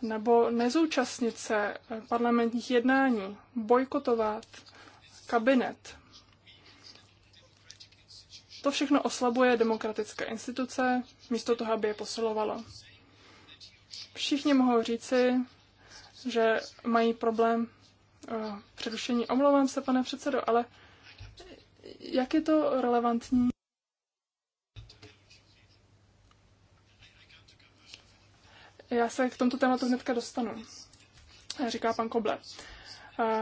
nebo nezúčastnit se parlamentních jednání, bojkotovat kabinet. To všechno oslabuje demokratické instituce, místo toho, aby je posilovalo. Všichni mohou říci, že mají problém uh, přerušení. Omlouvám se, pane předsedo, ale jak je to relevantní? Já se k tomto tématu hnedka dostanu, eh, říká pan Koble.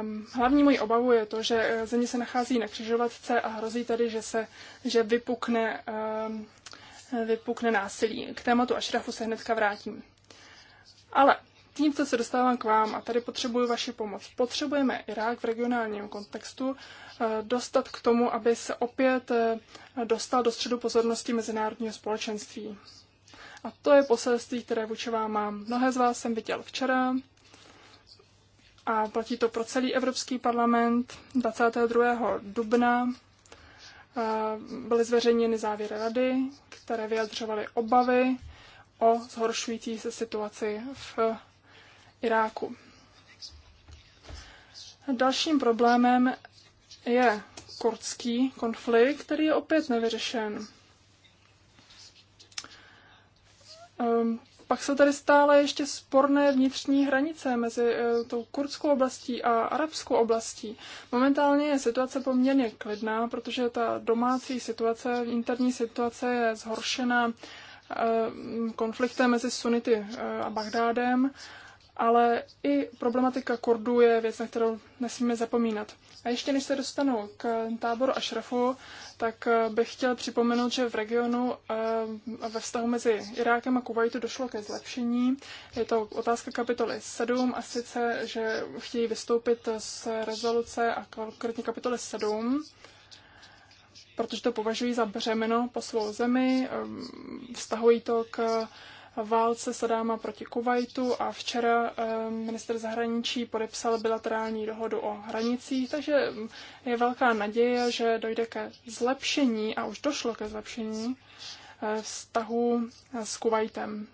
Um, hlavní mojí obavu je to, že eh, země se nachází na křižovatce a hrozí tady, že se že vypukne, um, vypukne násilí. K tématu Ašrafu se hnedka vrátím. Ale Tímto se dostávám k vám a tady potřebuji vaši pomoc. Potřebujeme Irák v regionálním kontextu eh, dostat k tomu, aby se opět eh, dostal do středu pozornosti mezinárodního společenství. A to je poselství, které vůči vám mám. Mnohé z vás jsem viděl včera a platí to pro celý Evropský parlament 22. dubna. Eh, byly zveřejněny závěry rady, které vyjadřovaly obavy o zhoršující se situaci v Iráku. Dalším problémem je kurdský konflikt, který je opět nevyřešen. Ehm, pak jsou tady stále ještě sporné vnitřní hranice mezi eh, tou kurdskou oblastí a arabskou oblastí. Momentálně je situace poměrně klidná, protože ta domácí situace, interní situace je zhoršena ehm, konfliktem mezi Sunity eh, a Bagdádem ale i problematika Kurdů je věc, na kterou nesmíme zapomínat. A ještě než se dostanu k táboru Ašrafu, tak eh, bych chtěl připomenout, že v regionu eh, ve vztahu mezi Irákem a Kuwaitu došlo ke zlepšení. Je to otázka kapitoly 7 a sice, že chtějí vystoupit z rezoluce a konkrétně kapitoly 7 protože to považují za břemeno po svou zemi, eh, vztahují to k válce Sadáma proti Kuwaitu a včera eh, minister zahraničí podepsal bilaterální dohodu o hranicích, takže je velká naděje, že dojde ke zlepšení a už došlo ke zlepšení eh, vztahu s Kuwaitem.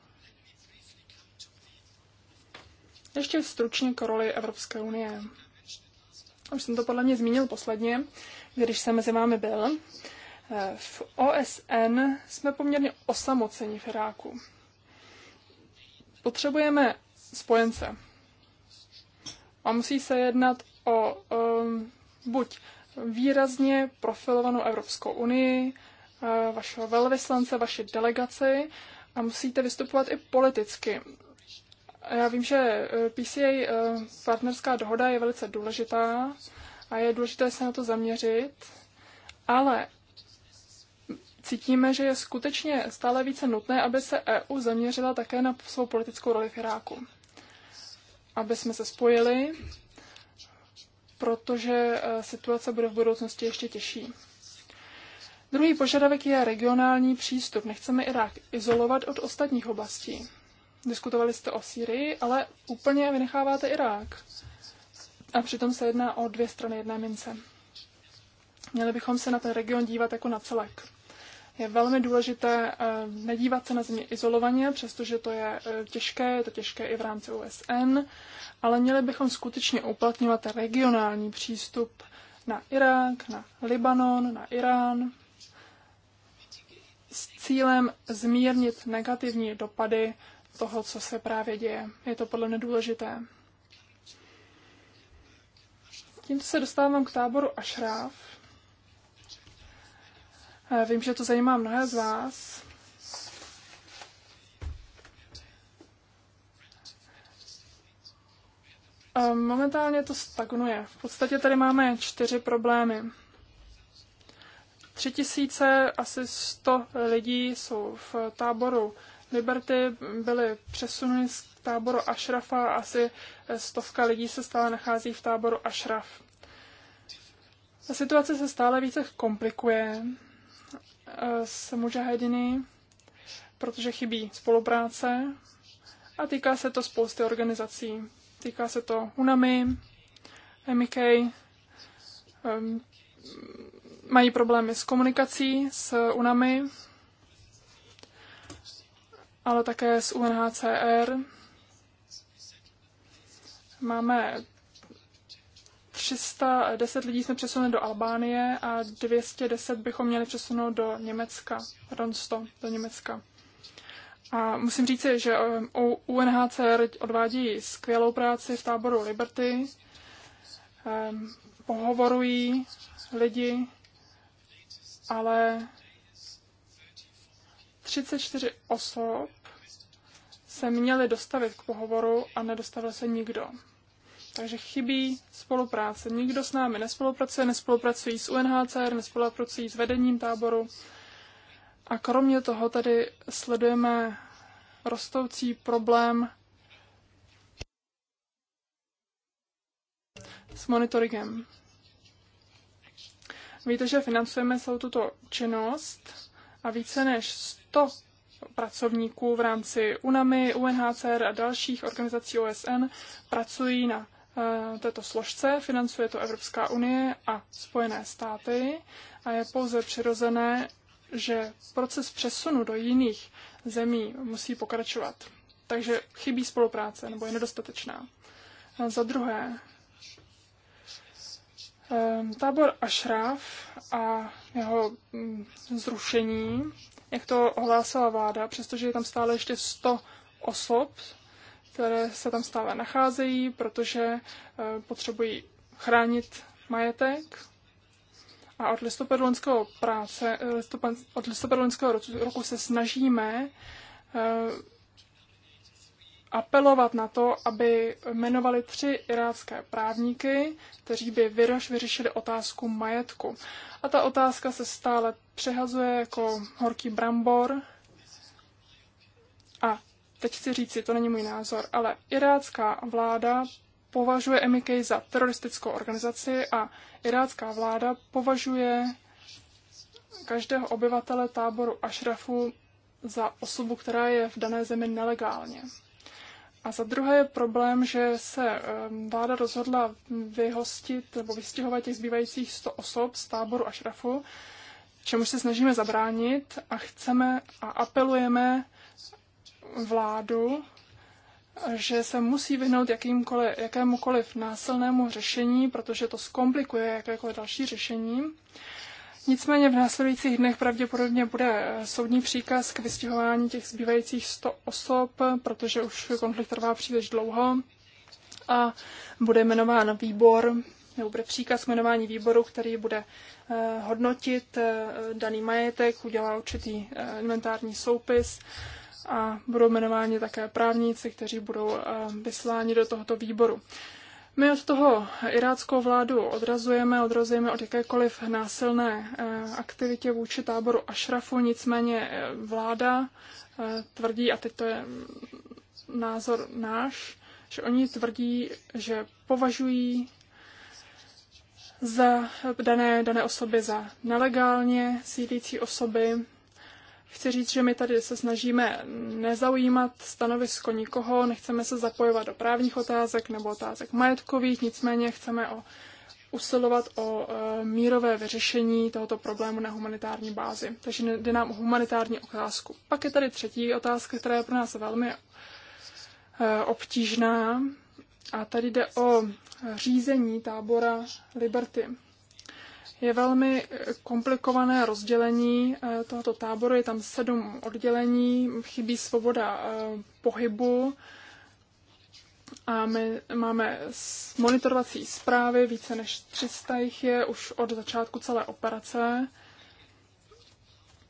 Ještě stručně k roli Evropské unie. Už jsem to podle mě zmínil posledně, když jsem mezi vámi byl. Eh, v OSN jsme poměrně osamoceni v Iráku. Potřebujeme spojence. A musí se jednat o um, buď výrazně profilovanou Evropskou unii, uh, vašeho velvyslance, vaši delegaci a musíte vystupovat i politicky. Já vím, že uh, PCA uh, partnerská dohoda je velice důležitá a je důležité se na to zaměřit, ale cítíme, že je skutečně stále více nutné, aby se EU zaměřila také na svou politickou roli v Iráku. Aby jsme se spojili, protože e, situace bude v budoucnosti ještě těžší. Druhý požadavek je regionální přístup. Nechceme Irák izolovat od ostatních oblastí. Diskutovali jste o Sýrii, ale úplně vynecháváte Irák. A přitom se jedná o dvě strany jedné mince. Měli bychom se na ten region dívat jako na celek. Je velmi důležité eh, nedívat se na země izolovaně, přestože to je eh, těžké, je to těžké i v rámci OSN, ale měli bychom skutečně uplatňovat regionální přístup na Irák, na Libanon, na Irán, s cílem zmírnit negativní dopady toho, co se právě děje. Je to podle mě důležité. Tímto se dostávám k táboru Ašráv, Eh, vím, že to zajímá mnohé z vás. Ehm, momentálně to stagnuje. V podstatě tady máme čtyři problémy. Tři tisíce, asi sto lidí jsou v táboru Liberty, byly přesunuty z táboru Ashrafa a asi stovka lidí se stále nachází v táboru Ashraf. Ta situace se stále více komplikuje. Eh, s mužahediny, protože chybí spolupráce a týká se to spousty organizací. Týká se to UNAMI, MK, mají problémy s komunikací, s UNAMI, ale také s UNHCR. Máme 310 lidí jsme přesunuli do Albánie a 210 bychom měli přesunout do Německa, pardon 100, do Německa. A musím říci, že eh, UNHCR odvádí skvělou práci v táboru Liberty, ehm, pohovorují lidi, ale 34 osob se měly dostavit k pohovoru a nedostavil se nikdo. Takže chybí spolupráce. Nikdo s námi nespolupracuje, nespolupracují s UNHCR, nespolupracují s vedením táboru. A kromě toho tady sledujeme rostoucí problém s monitoringem. Víte, že financujeme celou tuto činnost a více než 100 pracovníků v rámci UNAMI, UNHCR a dalších organizací OSN pracují na Eh, této složce, financuje to Evropská unie a Spojené státy a je pouze přirozené, že proces přesunu do jiných zemí musí pokračovat. Takže chybí spolupráce nebo je nedostatečná. Eh, za druhé, eh, tábor Ashraf a jeho mm, zrušení, jak to ohlásila vláda, přestože je tam stále ještě 100 osob které se tam stále nacházejí, protože eh, potřebují chránit majetek. A od listopadu práce, eh, od listopadu roku, se snažíme eh, apelovat na to, aby jmenovali tři irácké právníky, kteří by vyřešili otázku majetku. A ta otázka se stále přehazuje jako horký brambor. A teď chci říci, to není můj názor, ale irácká vláda považuje MK za teroristickou organizaci a irácká vláda považuje každého obyvatele táboru Ashrafu za osobu, která je v dané zemi nelegálně. A za druhé je problém, že se ehm, vláda rozhodla vyhostit nebo vystěhovat těch zbývajících 100 osob z táboru Ashrafu, čemu se snažíme zabránit a chceme a apelujeme vládu, že se musí vyhnout jakýmkoliv, jakémukoliv násilnému řešení, protože to zkomplikuje jakékoliv další řešení. Nicméně v následujících dnech pravděpodobně bude soudní příkaz k vystihování těch zbývajících 100 osob, protože už konflikt trvá příliš dlouho a bude jmenován výbor, nebo bude příkaz jmenování výboru, který bude eh, hodnotit eh, daný majetek, udělá určitý eh, inventární soupis a budou jmenováni také právníci, kteří budou eh, vysláni do tohoto výboru. My od toho iráckou vládu odrazujeme, odrazujeme od jakékoliv násilné eh, aktivitě vůči táboru Ašrafu, nicméně eh, vláda tvrdí, a teď to je názor náš, že oni tvrdí, že považují za dané, dané osoby za nelegálně sídlící osoby chci říct, že my tady se snažíme nezaujímat stanovisko nikoho, nechceme se zapojovat do právních otázek nebo otázek majetkových, nicméně chceme o, usilovat o e, mírové vyřešení tohoto problému na humanitární bázi. Takže jde nám o humanitární otázku. Pak je tady třetí otázka, která je pro nás velmi e, obtížná. A tady jde o řízení tábora Liberty je velmi eh, komplikované rozdělení eh, tohoto táboru. Je tam sedm oddělení, chybí svoboda eh, pohybu a my máme monitorovací zprávy, více než 300 jich je už od začátku celé operace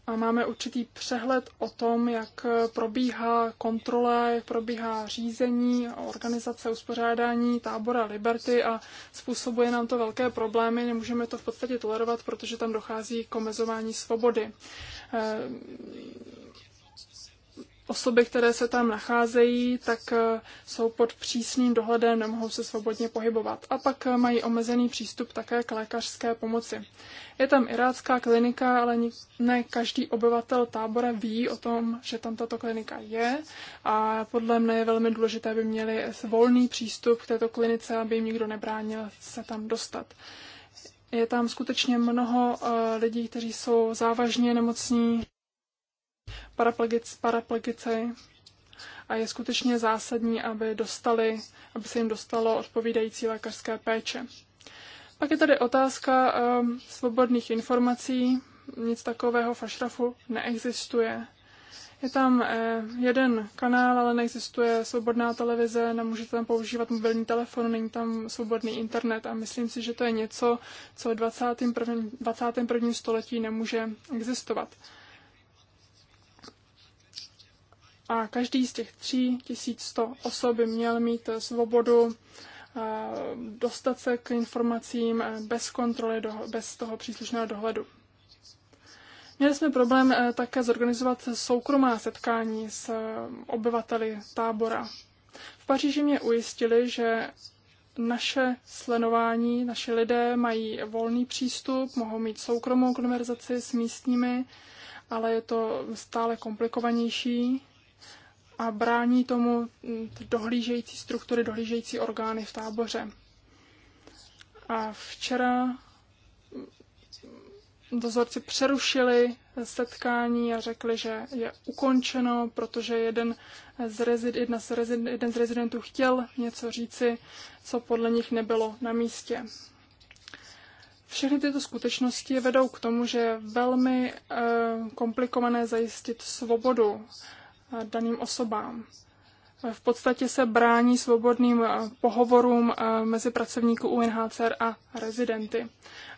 a máme určitý přehled o tom, jak probíhá kontrola, jak probíhá řízení, organizace, uspořádání tábora Liberty a způsobuje nám to velké problémy. Nemůžeme to v podstatě tolerovat, protože tam dochází k omezování svobody osoby, které se tam nacházejí, tak eh, jsou pod přísným dohledem, nemohou se svobodně pohybovat. A pak eh, mají omezený přístup také k lékařské pomoci. Je tam irácká klinika, ale ne každý obyvatel tábora ví o tom, že tam tato klinika je. A podle mne je velmi důležité, aby měli volný přístup k této klinice, aby jim nikdo nebránil se tam dostat. Je tam skutečně mnoho eh, lidí, kteří jsou závažně nemocní paraplegic, a je skutečně zásadní, aby, dostali, aby se jim dostalo odpovídající lékařské péče. Pak je tady otázka um, svobodných informací. Nic takového v Ašrafu neexistuje. Je tam eh, jeden kanál, ale neexistuje svobodná televize, nemůžete tam používat mobilní telefon, není tam svobodný internet a myslím si, že to je něco, co v 21. 21. století nemůže existovat. A každý z těch 3100 osob by měl mít eh, svobodu eh, dostat se k informacím eh, bez kontroly, bez toho příslušného dohledu. Měli jsme problém také zorganizovat soukromá setkání s obyvateli tábora. V Paříži mě ujistili, že naše slenování, naše lidé mají volný přístup, mohou mít soukromou konverzaci s místními, ale je to stále komplikovanější a brání tomu dohlížející struktury, dohlížející orgány v táboře. A včera dozorci přerušili setkání a řekli, že je ukončeno, protože jeden z, rezid, jedna z rezid, jeden z rezidentů chtěl něco říci, co podle nich nebylo na místě. Všechny tyto skutečnosti vedou k tomu, že je velmi e, komplikované zajistit svobodu daným osobám. V podstatě se brání svobodným eh, pohovorům eh, mezi pracovníky UNHCR a rezidenty.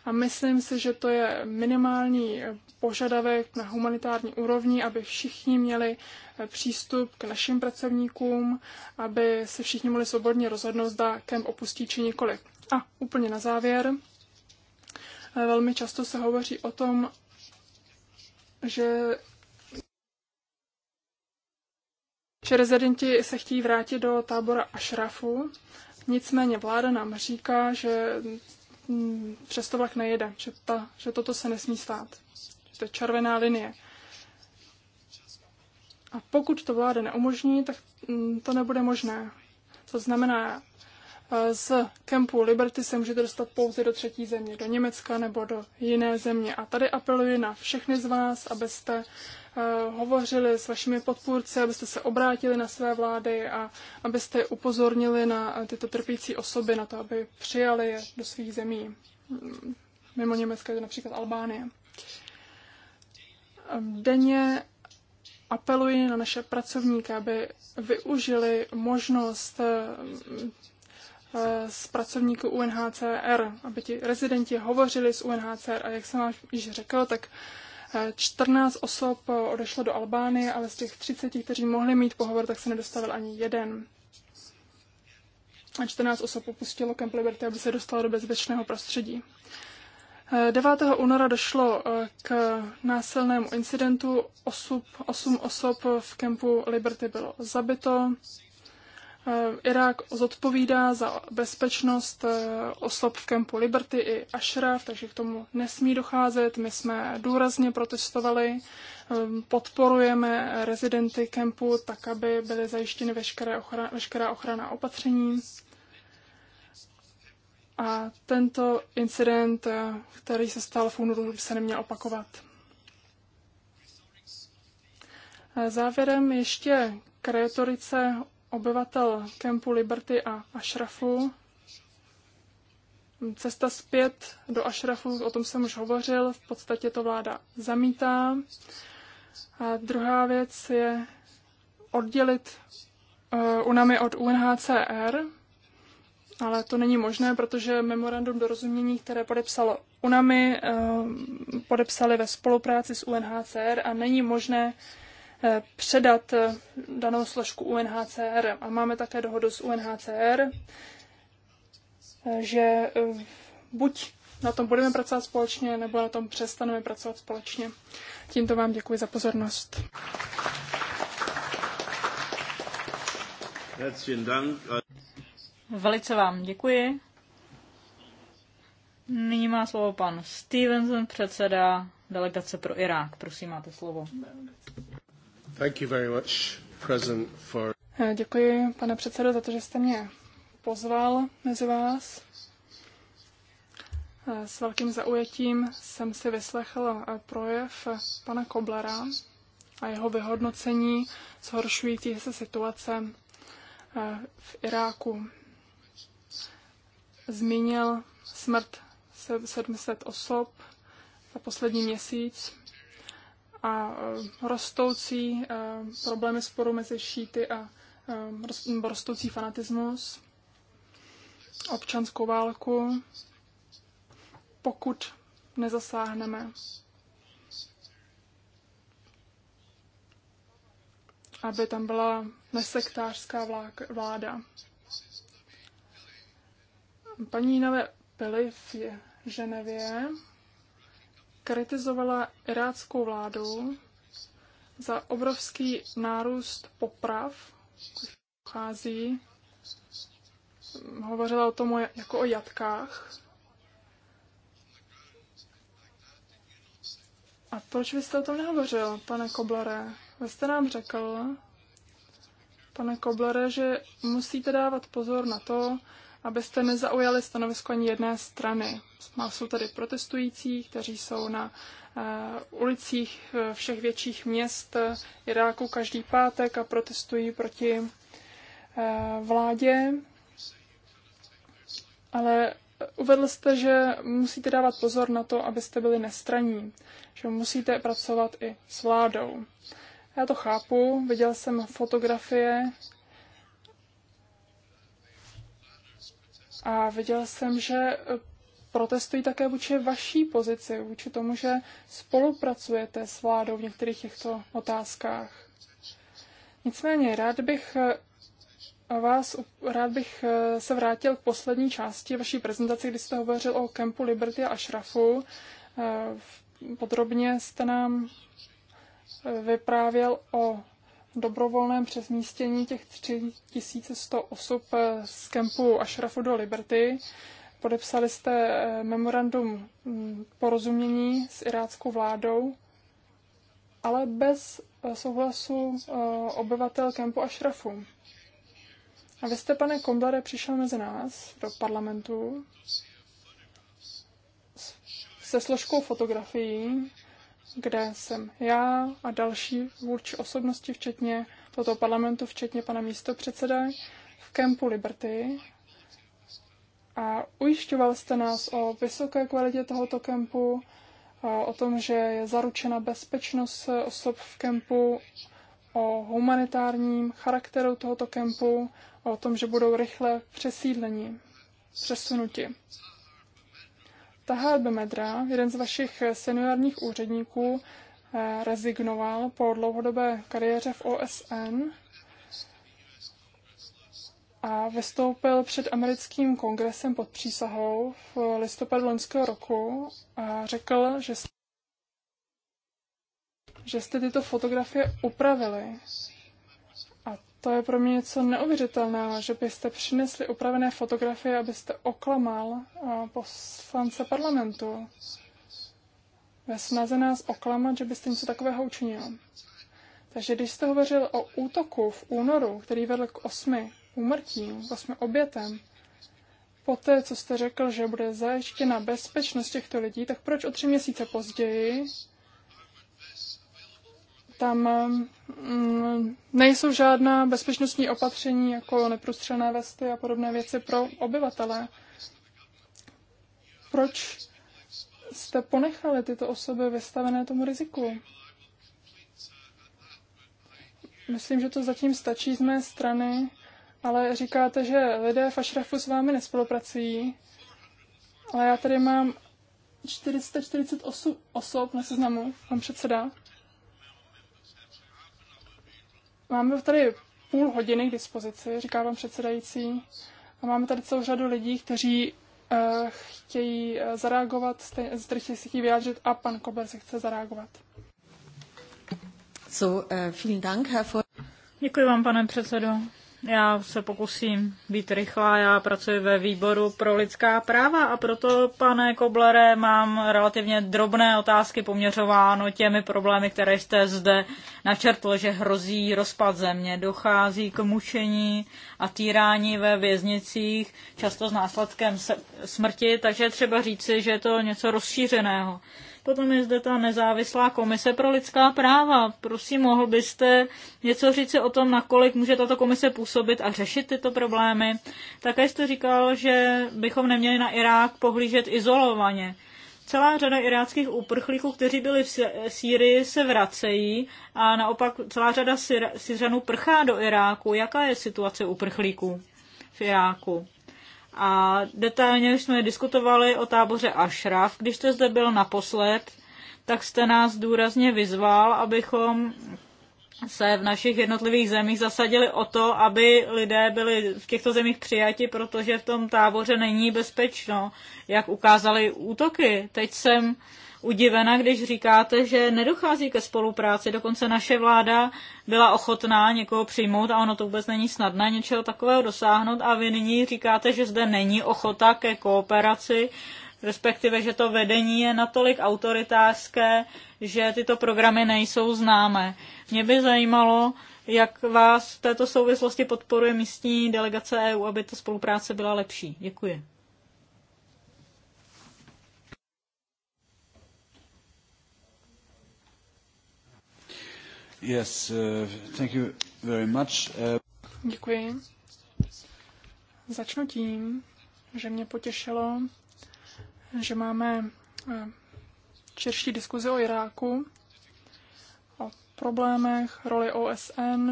A myslím si, že to je minimální požadavek na humanitární úrovni, aby všichni měli eh, přístup k našim pracovníkům, aby se všichni mohli svobodně rozhodnout, zda kemp opustí či nikoli. A úplně na závěr, velmi často se hovoří o tom, že že rezidenti se chtějí vrátit do tábora Ašrafu, nicméně vláda nám říká, že mm, přes to vlak nejede, že, ta, že toto se nesmí stát. Že to je červená linie. A pokud to vláda neumožní, tak mm, to nebude možné. To znamená, z kempu Liberty se můžete dostat pouze do třetí země, do Německa nebo do jiné země. A tady apeluji na všechny z vás, abyste eh, hovořili s vašimi podpůrci, abyste se obrátili na své vlády a abyste upozornili na eh, tyto trpící osoby, na to, aby přijali je do svých zemí. Mimo Německa je například Albánie. Eh, denně apeluji na naše pracovníky, aby využili možnost Eh, z pracovníků UNHCR, aby ti rezidenti hovořili s UNHCR. A jak jsem vám již řekl, tak 14 eh, osob eh, odešlo do Albánie, ale z těch 30, kteří mohli mít pohovor, tak se nedostavil ani jeden. A 14 osob opustilo Camp Liberty, aby se dostalo do bezpečného prostředí. 9. února došlo k násilnému incidentu. 8 osob v kempu Liberty bylo zabito, Eh, Irák zodpovídá za bezpečnost eh, osob v kempu Liberty i Ashraf, takže k tomu nesmí docházet. My jsme důrazně protestovali, eh, podporujeme rezidenty kempu tak, aby byly zajištěny veškeré ochrana, veškerá ochrana opatření. A tento incident, který se stal v únoru, by se neměl opakovat. Závěrem ještě k retorice obyvatel kempu Liberty a Ashrafu. Cesta zpět do Ashrafu, o tom jsem už hovořil, v podstatě to vláda zamítá. A druhá věc je oddělit uh, UNAMI od UNHCR, ale to není možné, protože memorandum dorozumění, které podepsalo UNAMI, uh, podepsali ve spolupráci s UNHCR a není možné uh, předat danou složku UNHCR. A máme také dohodu s UNHCR, že buď na tom budeme pracovat společně, nebo na tom přestaneme pracovat společně. Tímto vám děkuji za pozornost. Velice vám děkuji. Nyní má slovo pan Stevenson, předseda delegace pro Irák. Prosím, máte slovo. Eh, děkuji, pane předsedo, za to, že jste mě pozval mezi vás. Eh, s velkým zaujetím jsem si vyslechl eh, projev pana Koblera a jeho vyhodnocení zhoršující se situace v Iráku. Zmínil smrt 700 osob za poslední měsíc a e, rostoucí e, problémy sporu mezi šíty a e, rostoucí fanatismus, občanskou válku, pokud nezasáhneme. aby tam byla nesektářská vláda. Paní Nave je v Ženevě kritizovala iráckou vládu za obrovský nárůst poprav, pochází. Hovořila o tom jako o jatkách. A proč vy jste o tom nehovořil, pane Koblare? Vy jste nám řekl, pane Koblare, že musíte dávat pozor na to, abyste nezaujali stanovisko ani jedné strany. Jsou tady protestující, kteří jsou na eh, ulicích eh, všech větších měst eh, Iráku každý pátek a protestují proti vládě. Ale uvedl jste, že musíte dávat pozor na to, abyste byli nestraní, že musíte pracovat i s vládou. Já to chápu, viděl jsem fotografie A viděl jsem, že eh, protestují také vůči vaší pozici, vůči tomu, že spolupracujete s vládou v některých těchto otázkách. Nicméně rád bych eh, vás, rád bych eh, se vrátil k poslední části vaší prezentace, kdy jste hovořil o kempu Liberty a Šrafu. Podrobně jste nám vyprávěl o dobrovolném přesmístění těch 3100 osob eh, z kempu Ashrafu do Liberty. Podepsali jste eh, memorandum mm, porozumění s iráckou vládou, ale bez eh, souhlasu obyvatel kempu Ashrafu. A vy jste, pane Komblere, přišel mezi nás do parlamentu se složkou fotografií kde jsem já a další vůči osobnosti, včetně toto parlamentu, včetně pana místopředseda, v kempu Liberty. A ujišťoval jste nás o vysoké kvalitě tohoto kempu, o tom, že je zaručena bezpečnost osob v kempu, o humanitárním charakteru tohoto kempu, o tom, že budou rychle přesídleni, přesunuti. Tahal Bemedra, jeden z vašich seniorních úředníků, eh, rezignoval po dlouhodobé kariéře v OSN a vystoupil před americkým kongresem pod přísahou v listopadu loňského roku a řekl, že jste, že jste tyto fotografie upravili, to je pro mě něco neuvěřitelného, že byste přinesli upravené fotografie, abyste oklamal eh, poslance parlamentu. Ve snaze nás oklamat, že byste něco takového učinil. Takže když jste hovořil o útoku v únoru, který vedl k osmi úmrtím, k osmi obětem, poté, co jste řekl, že bude zajištěna bezpečnost těchto lidí, tak proč o tři měsíce později tam mm, nejsou žádná bezpečnostní opatření jako neprostřené vesty a podobné věci pro obyvatele. Proč jste ponechali tyto osoby vystavené tomu riziku? Myslím, že to zatím stačí z mé strany, ale říkáte, že lidé v Ašrafu s vámi nespolupracují, ale já tady mám 448 osob na seznamu, pan předseda. Máme tady půl hodiny k dispozici, říká vám předsedající. A máme tady celou řadu lidí, kteří uh, chtějí eh, zareagovat, kteří se chtějí vyjádřit a pan Kober se chce zareagovat. So, uh, vielen Dank, Herr Děkuji vám, pane předsedo. Já se pokusím být rychlá, já pracuji ve výboru pro lidská práva a proto, pane Koblere, mám relativně drobné otázky poměřováno těmi problémy, které jste zde načrtl, že hrozí rozpad země, dochází k mučení a týrání ve věznicích, často s následkem smrti, takže třeba říci, že je to něco rozšířeného. Potom je zde ta nezávislá komise pro lidská práva. Prosím, mohl byste něco říct o tom, nakolik může tato komise působit a řešit tyto problémy? Také jste říkal, že bychom neměli na Irák pohlížet izolovaně. Celá řada iráckých uprchlíků, kteří byli v Sýrii, se vracejí a naopak celá řada Syřanů prchá do Iráku. Jaká je situace uprchlíků v Iráku? A detailně jsme diskutovali o táboře Ashraf. Když jste zde byl naposled, tak jste nás důrazně vyzval, abychom se v našich jednotlivých zemích zasadili o to, aby lidé byli v těchto zemích přijati, protože v tom táboře není bezpečno, jak ukázaly útoky. Teď jsem udivena, když říkáte, že nedochází ke spolupráci. Dokonce naše vláda byla ochotná někoho přijmout a ono to vůbec není snadné něčeho takového dosáhnout a vy nyní říkáte, že zde není ochota ke kooperaci, respektive, že to vedení je natolik autoritářské, že tyto programy nejsou známé. Mě by zajímalo, jak vás v této souvislosti podporuje místní delegace EU, aby ta spolupráce byla lepší. Děkuji. Uh, uh, Děkuji. Začnu tím, že mě potěšilo, že máme uh, širší diskuzi o Iráku, o problémech, roli OSN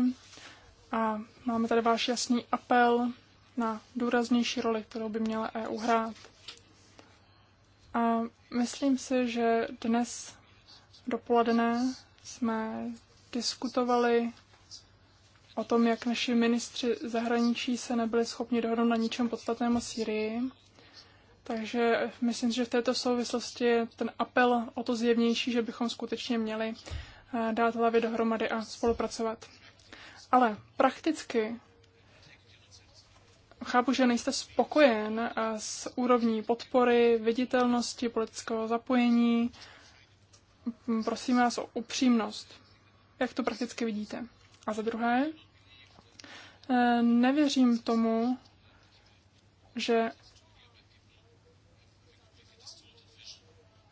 a máme tady váš jasný apel na důraznější roli, kterou by měla EU hrát. A myslím si, že dnes dopoledne jsme diskutovali o tom, jak naši ministři zahraničí se nebyli schopni dohodnout na ničem podstatném o Syrii. Takže myslím, že v této souvislosti je ten apel o to zjevnější, že bychom skutečně měli eh, dát hlavy dohromady a spolupracovat. Ale prakticky chápu, že nejste spokojen eh, s úrovní podpory, viditelnosti, politického zapojení. Prosím vás o upřímnost jak to prakticky vidíte. A za druhé, eh, nevěřím tomu, že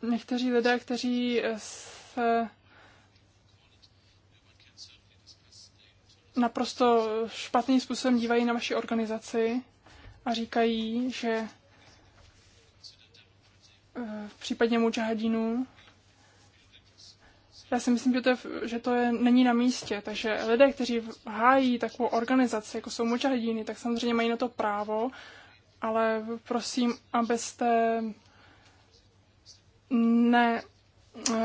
někteří lidé, kteří se naprosto špatným způsobem dívají na vaši organizaci a říkají, že eh, v případě mujahedinů já si myslím, že to, je, že to je, není na místě, takže lidé, kteří hájí takovou organizaci, jako jsou mučahedíny, tak samozřejmě mají na to právo, ale prosím, abyste ne,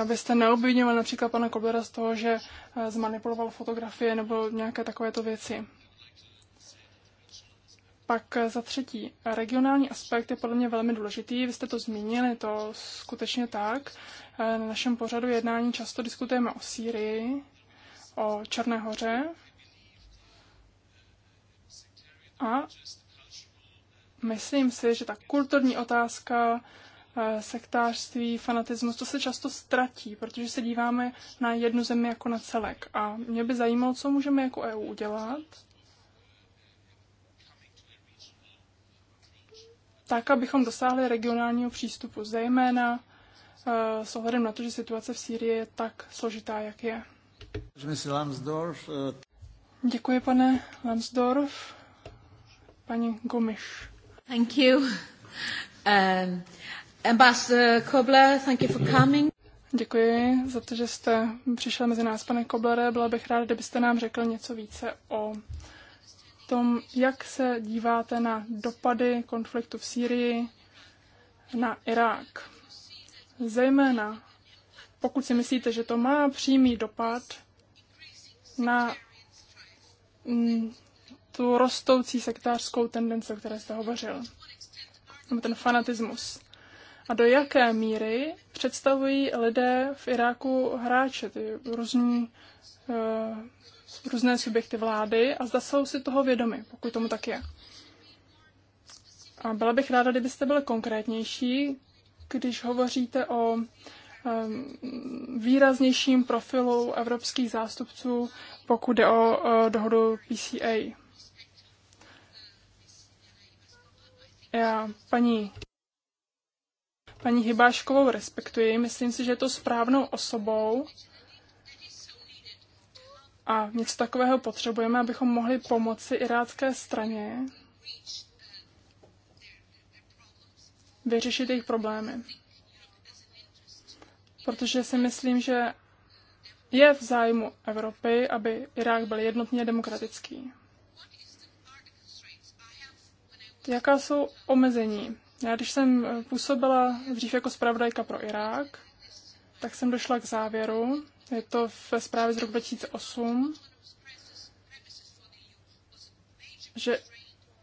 abyste neobvinili například pana Koblera z toho, že eh, zmanipuloval fotografie nebo nějaké takovéto věci. Pak eh, za třetí, regionální aspekt je podle mě velmi důležitý. Vy jste to zmínili, to skutečně tak. Eh, na našem pořadu jednání často diskutujeme o Sýrii, o Černé hoře a myslím si, že ta kulturní otázka, eh, sektářství, fanatismus, to se často ztratí, protože se díváme na jednu zemi jako na celek. A mě by zajímalo, co můžeme jako EU udělat, tak, abychom dosáhli regionálního přístupu, zejména eh, s ohledem na to, že situace v Sýrii je tak složitá, jak je. Eh, Děkuji, pane Lansdorf. Paní Gomiš. Thank you. Um, Ambassador Kobler, thank you for coming. Děkuji za to, že jste přišel mezi nás, pane Koblere. Byla bych ráda, kdybyste nám řekl něco více o tom, jak se díváte na dopady konfliktu v Sýrii na Irák. Zejména pokud si myslíte, že to má přímý dopad na mm, tu rostoucí sektářskou tendenci, o které jste hovořil, nebo ten fanatismus. A do jaké míry představují lidé v Iráku hráče, ty různí eh, různé subjekty vlády a zda jsou si toho vědomi, pokud tomu tak je. A byla bych ráda, kdybyste byli konkrétnější, když hovoříte o výraznějším profilu evropských zástupců, pokud jde o dohodu PCA. Já paní, paní Hybáškovou respektuji. Myslím si, že je to správnou osobou, a něco takového potřebujeme, abychom mohli pomoci irácké straně vyřešit jejich problémy. Protože si myslím, že je v zájmu Evropy, aby Irák byl jednotně demokratický. Jaká jsou omezení? Já když jsem působila dřív jako zpravodajka pro Irák, tak jsem došla k závěru, je to ve zprávě z roku 2008, že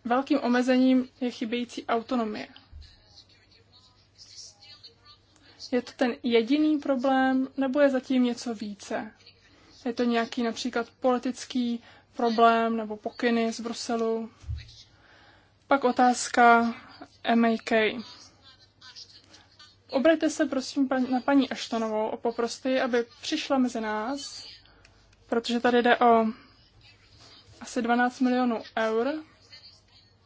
velkým omezením je chybějící autonomie. Je to ten jediný problém, nebo je zatím něco více? Je to nějaký například politický problém nebo pokyny z Bruselu? Pak otázka MAK. Obraťte se prosím na paní Ashtonovou o poprosty, aby přišla mezi nás, protože tady jde o asi 12 milionů eur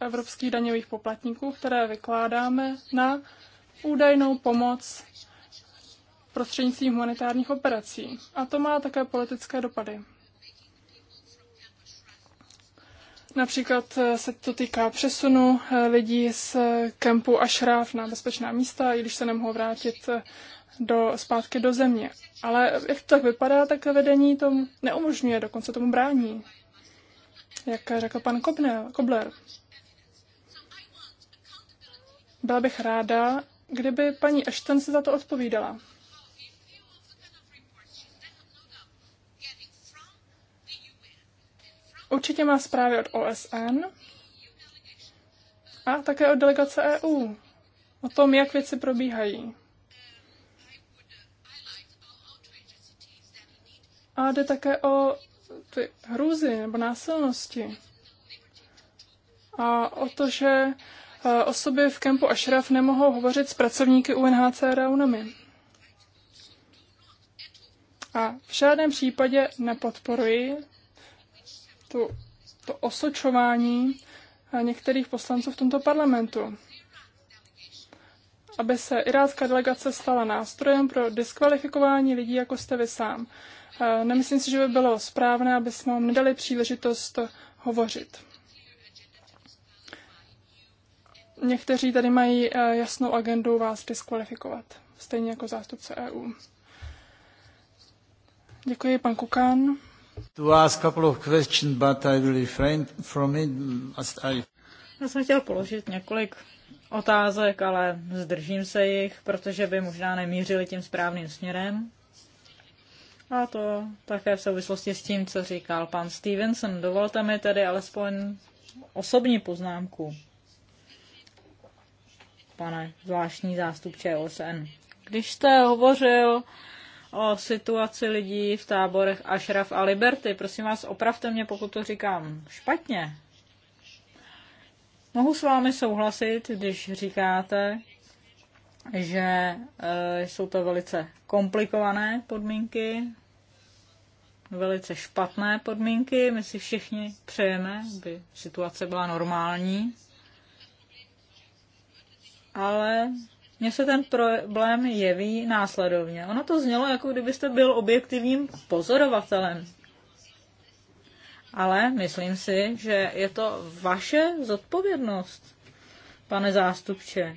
evropských daňových poplatníků, které vykládáme na údajnou pomoc prostřednictvím humanitárních operací. A to má také politické dopady. Například eh, se to týká přesunu eh, lidí z kempu šráv na bezpečná místa, i když se nemohou vrátit eh, do, zpátky do země. Ale jak to tak vypadá, tak vedení to neumožňuje, dokonce tomu brání. Jak řekl pan Kobler. Byla bych ráda, kdyby paní Ashton se za to odpovídala. Určitě má zprávy od OSN a také od delegace EU o tom, jak věci probíhají. A jde také o ty hrůzy nebo násilnosti. A o to, že e, osoby v kempu Ashraf nemohou hovořit s pracovníky UNHCR a UNAMI. A v žádném případě nepodporuji tu, to osočování eh, některých poslanců v tomto parlamentu. Aby se irácká delegace stala nástrojem pro diskvalifikování lidí, jako jste vy sám. Eh, nemyslím si, že by bylo správné, aby jsme vám nedali příležitost hovořit. Někteří tady mají eh, jasnou agendu vás diskvalifikovat, stejně jako zástupce EU. Děkuji, pan Kukán. To ask couple of questions, but I will refrain from it. I... Já jsem chtěl položit několik otázek, ale zdržím se jich, protože by možná nemířili tím správným směrem. A to také v souvislosti s tím, co říkal pan Stevenson. Dovolte mi tedy alespoň osobní poznámku, pane zvláštní zástupče OSN. Když jste hovořil o situaci lidí v táborech Ashraf a Liberty. Prosím vás, opravte mě, pokud to říkám špatně. Mohu s vámi souhlasit, když říkáte, že eh, jsou to velice komplikované podmínky, velice špatné podmínky. My si všichni přejeme, aby situace byla normální. Ale mně se ten problém jeví následovně. Ono to znělo, jako kdybyste byl objektivním pozorovatelem. Ale myslím si, že je to vaše zodpovědnost, pane zástupče.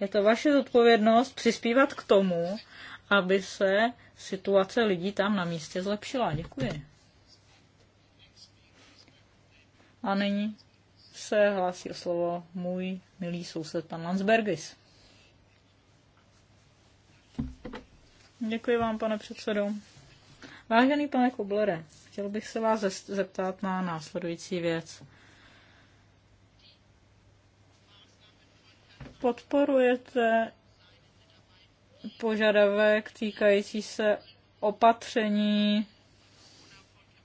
Je to vaše zodpovědnost přispívat k tomu, aby se situace lidí tam na místě zlepšila. Děkuji. A nyní se hlásí o slovo můj milý soused pan Landsbergis. Děkuji vám, pane předsedo. Vážený pane Koblere, chtěl bych se vás zeptat na následující věc. Podporujete požadavek týkající se opatření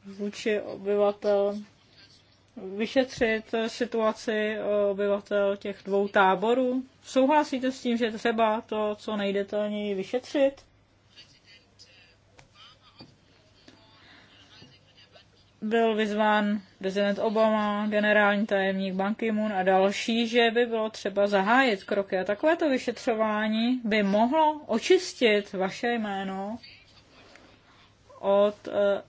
vůči obyvatel, vyšetřit situaci obyvatel těch dvou táborů? Souhlasíte s tím, že třeba to, co nejdetelněji vyšetřit? byl vyzván prezident Obama, generální tajemník Ban Ki-moon a další, že by bylo třeba zahájit kroky. A takovéto vyšetřování by mohlo očistit vaše jméno od eh,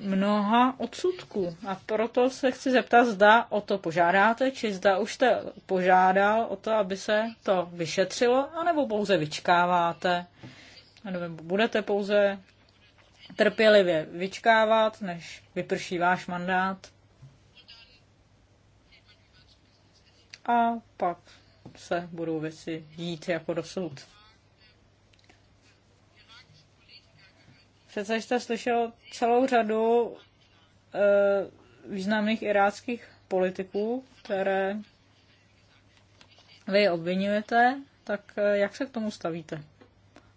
mnoha odsudků. A proto se chci zeptat, zda o to požádáte, či zda už jste požádal o to, aby se to vyšetřilo, anebo pouze vyčkáváte, nebo budete pouze trpělivě vyčkávat, než vyprší váš mandát. A pak se budou věci jít jako dosud. Přece jste slyšel celou řadu e, významných iráckých politiků, které vy obvinujete, tak eh, jak se k tomu stavíte?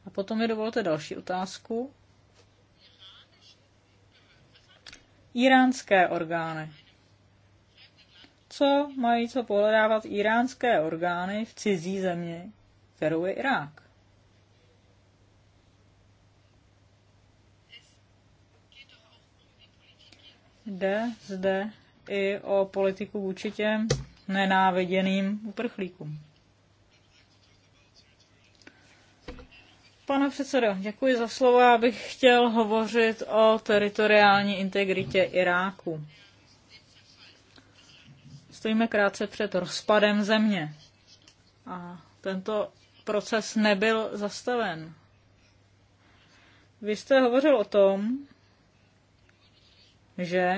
A potom mi dovolte další otázku. iránské orgány. Co mají co pohledávat iránské orgány v cizí zemi, kterou je Irák? Jde zde i o politiku vůči těm nenáviděným uprchlíkům. Pane předsedo, děkuji za slovo. Já bych chtěl hovořit o teritoriální integritě Iráku. Stojíme krátce před rozpadem země. A tento proces nebyl zastaven. Vy jste hovořil o tom, že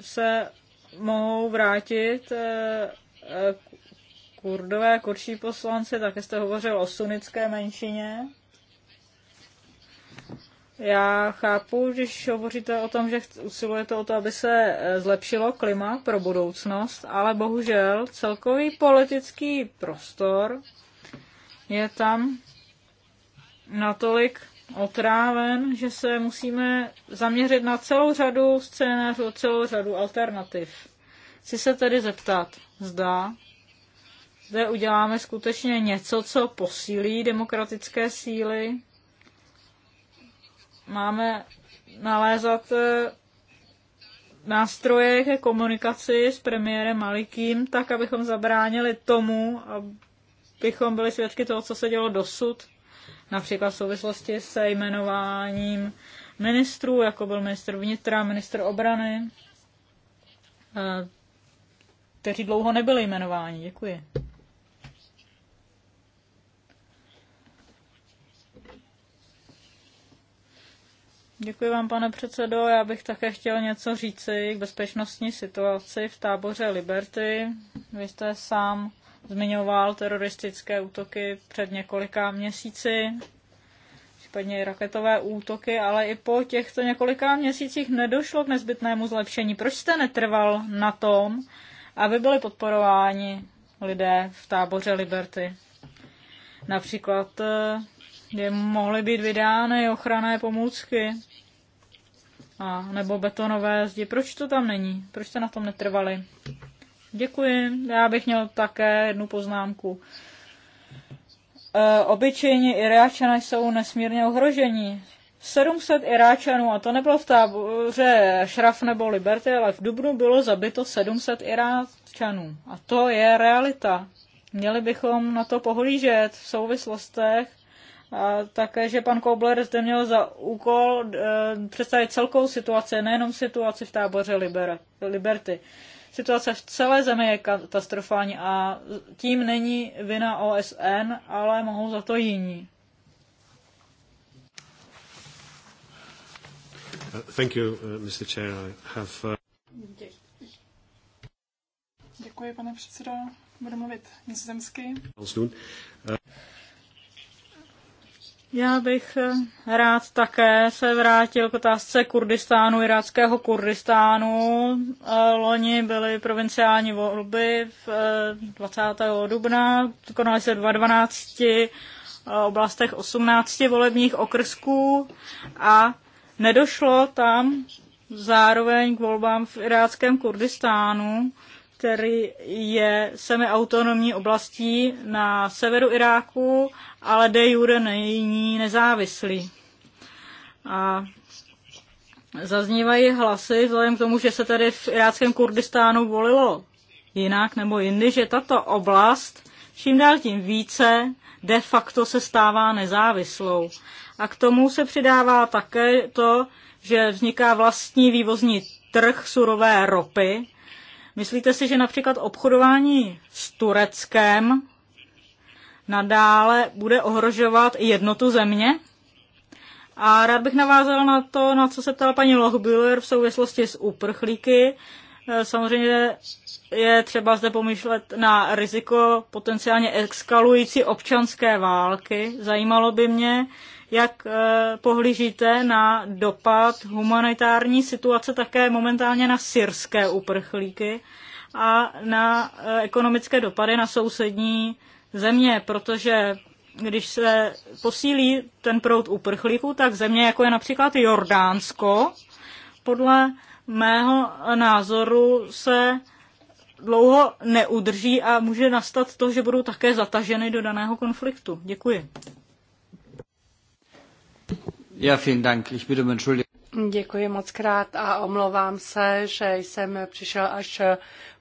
se mohou vrátit k eh, kurdové, kurší poslanci, také jste hovořil o sunnické menšině. Já chápu, když hovoříte o tom, že usilujete o to, aby se eh, zlepšilo klima pro budoucnost, ale bohužel celkový politický prostor je tam natolik otráven, že se musíme zaměřit na celou řadu scénářů, celou řadu alternativ. Chci se tedy zeptat, zda zde uděláme skutečně něco, co posílí demokratické síly. Máme nalézat eh, nástroje ke komunikaci s premiérem Malikým, tak abychom zabránili tomu, abychom byli svědky toho, co se dělo dosud, například v souvislosti se jmenováním ministrů, jako byl ministr vnitra, ministr obrany, eh, kteří dlouho nebyli jmenováni. Děkuji. Děkuji vám, pane předsedo. Já bych také chtěl něco říci k bezpečnostní situaci v táboře Liberty. Vy jste sám zmiňoval teroristické útoky před několika měsíci, případně i raketové útoky, ale i po těchto několika měsících nedošlo k nezbytnému zlepšení. Proč jste netrval na tom, aby byli podporováni lidé v táboře Liberty? Například kde eh, mohly být vydány ochranné pomůcky a nebo betonové zdi. Proč to tam není? Proč jste na tom netrvali? Děkuji. Já bych měl také jednu poznámku. E, obyčejní Iráčané jsou nesmírně ohroženi. 700 Iráčanů, a to nebylo v táboře Šraf nebo Liberty, ale v Dubnu bylo zabito 700 Iráčanů. A to je realita. Měli bychom na to pohlížet v souvislostech také, že pan Kobler zde měl za úkol eh, představit celkou situaci, nejenom situaci v táboře Liber, Liberty. Situace v celé zemi je katastrofální a tím není vina OSN, ale mohou za to jiní. Thank you, eh, Mr. Chair. I have... Eh, Děkuji, pane předsedo. Budu mluvit nizozemsky. Já bych eh, rád také se vrátil k otázce Kurdistánu, iráckého Kurdistánu. Eh, loni byly provinciální volby 20. Eh, dubna, konaly se 12 oblastech 18 volebních okrsků a nedošlo tam zároveň k volbám v iráckém Kurdistánu který je semiautonomní oblastí na severu Iráku, ale de jure není nezávislý. A zaznívají hlasy vzhledem k tomu, že se tady v iráckém Kurdistánu volilo jinak nebo jindy, že tato oblast čím dál tím více de facto se stává nezávislou. A k tomu se přidává také to, že vzniká vlastní vývozní trh surové ropy Myslíte si, že například obchodování s Tureckem nadále bude ohrožovat jednotu země? A rád bych navázal na to, na co se ptala paní Lochbühler v souvislosti s uprchlíky. Eh, samozřejmě je třeba zde pomyšlet na riziko potenciálně eskalující občanské války. Zajímalo by mě, jak eh, pohlížíte na dopad humanitární situace také momentálně na syrské uprchlíky a na eh, ekonomické dopady na sousední země, protože když se posílí ten proud uprchlíků, tak země jako je například Jordánsko, podle mého názoru se dlouho neudrží a může nastat to, že budou také zataženy do daného konfliktu. Děkuji vielen Dank. Ich bitte um Entschuldigung. Děkuji moc krát a omlouvám se, že jsem přišel až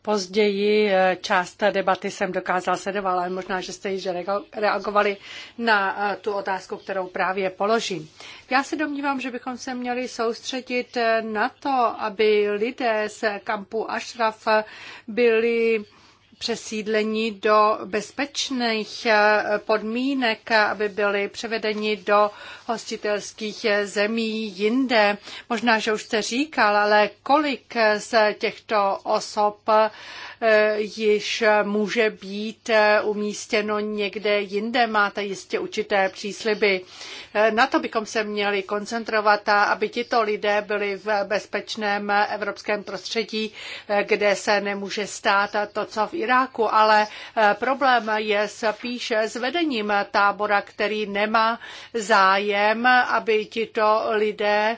později. Část debaty jsem dokázal sledovat, ale možná, že jste již reagovali na eh, tu otázku, kterou právě položím. Já se domnívám, že bychom se měli soustředit eh, na to, aby lidé z kampu Ashraf byli přesídlení do bezpečných eh, podmínek, aby byli převedeni do hostitelských zemí jinde. Možná, že už jste říkal, ale kolik z těchto osob Eh, již může být eh, umístěno někde jinde. Máte jistě určité přísliby. Eh, na to bychom se měli koncentrovat, aby tito lidé byli v bezpečném evropském prostředí, kde se nemůže stát to, co v Iráku, ale problém je spíše s vedením tábora, který nemá zájem, aby tito lidé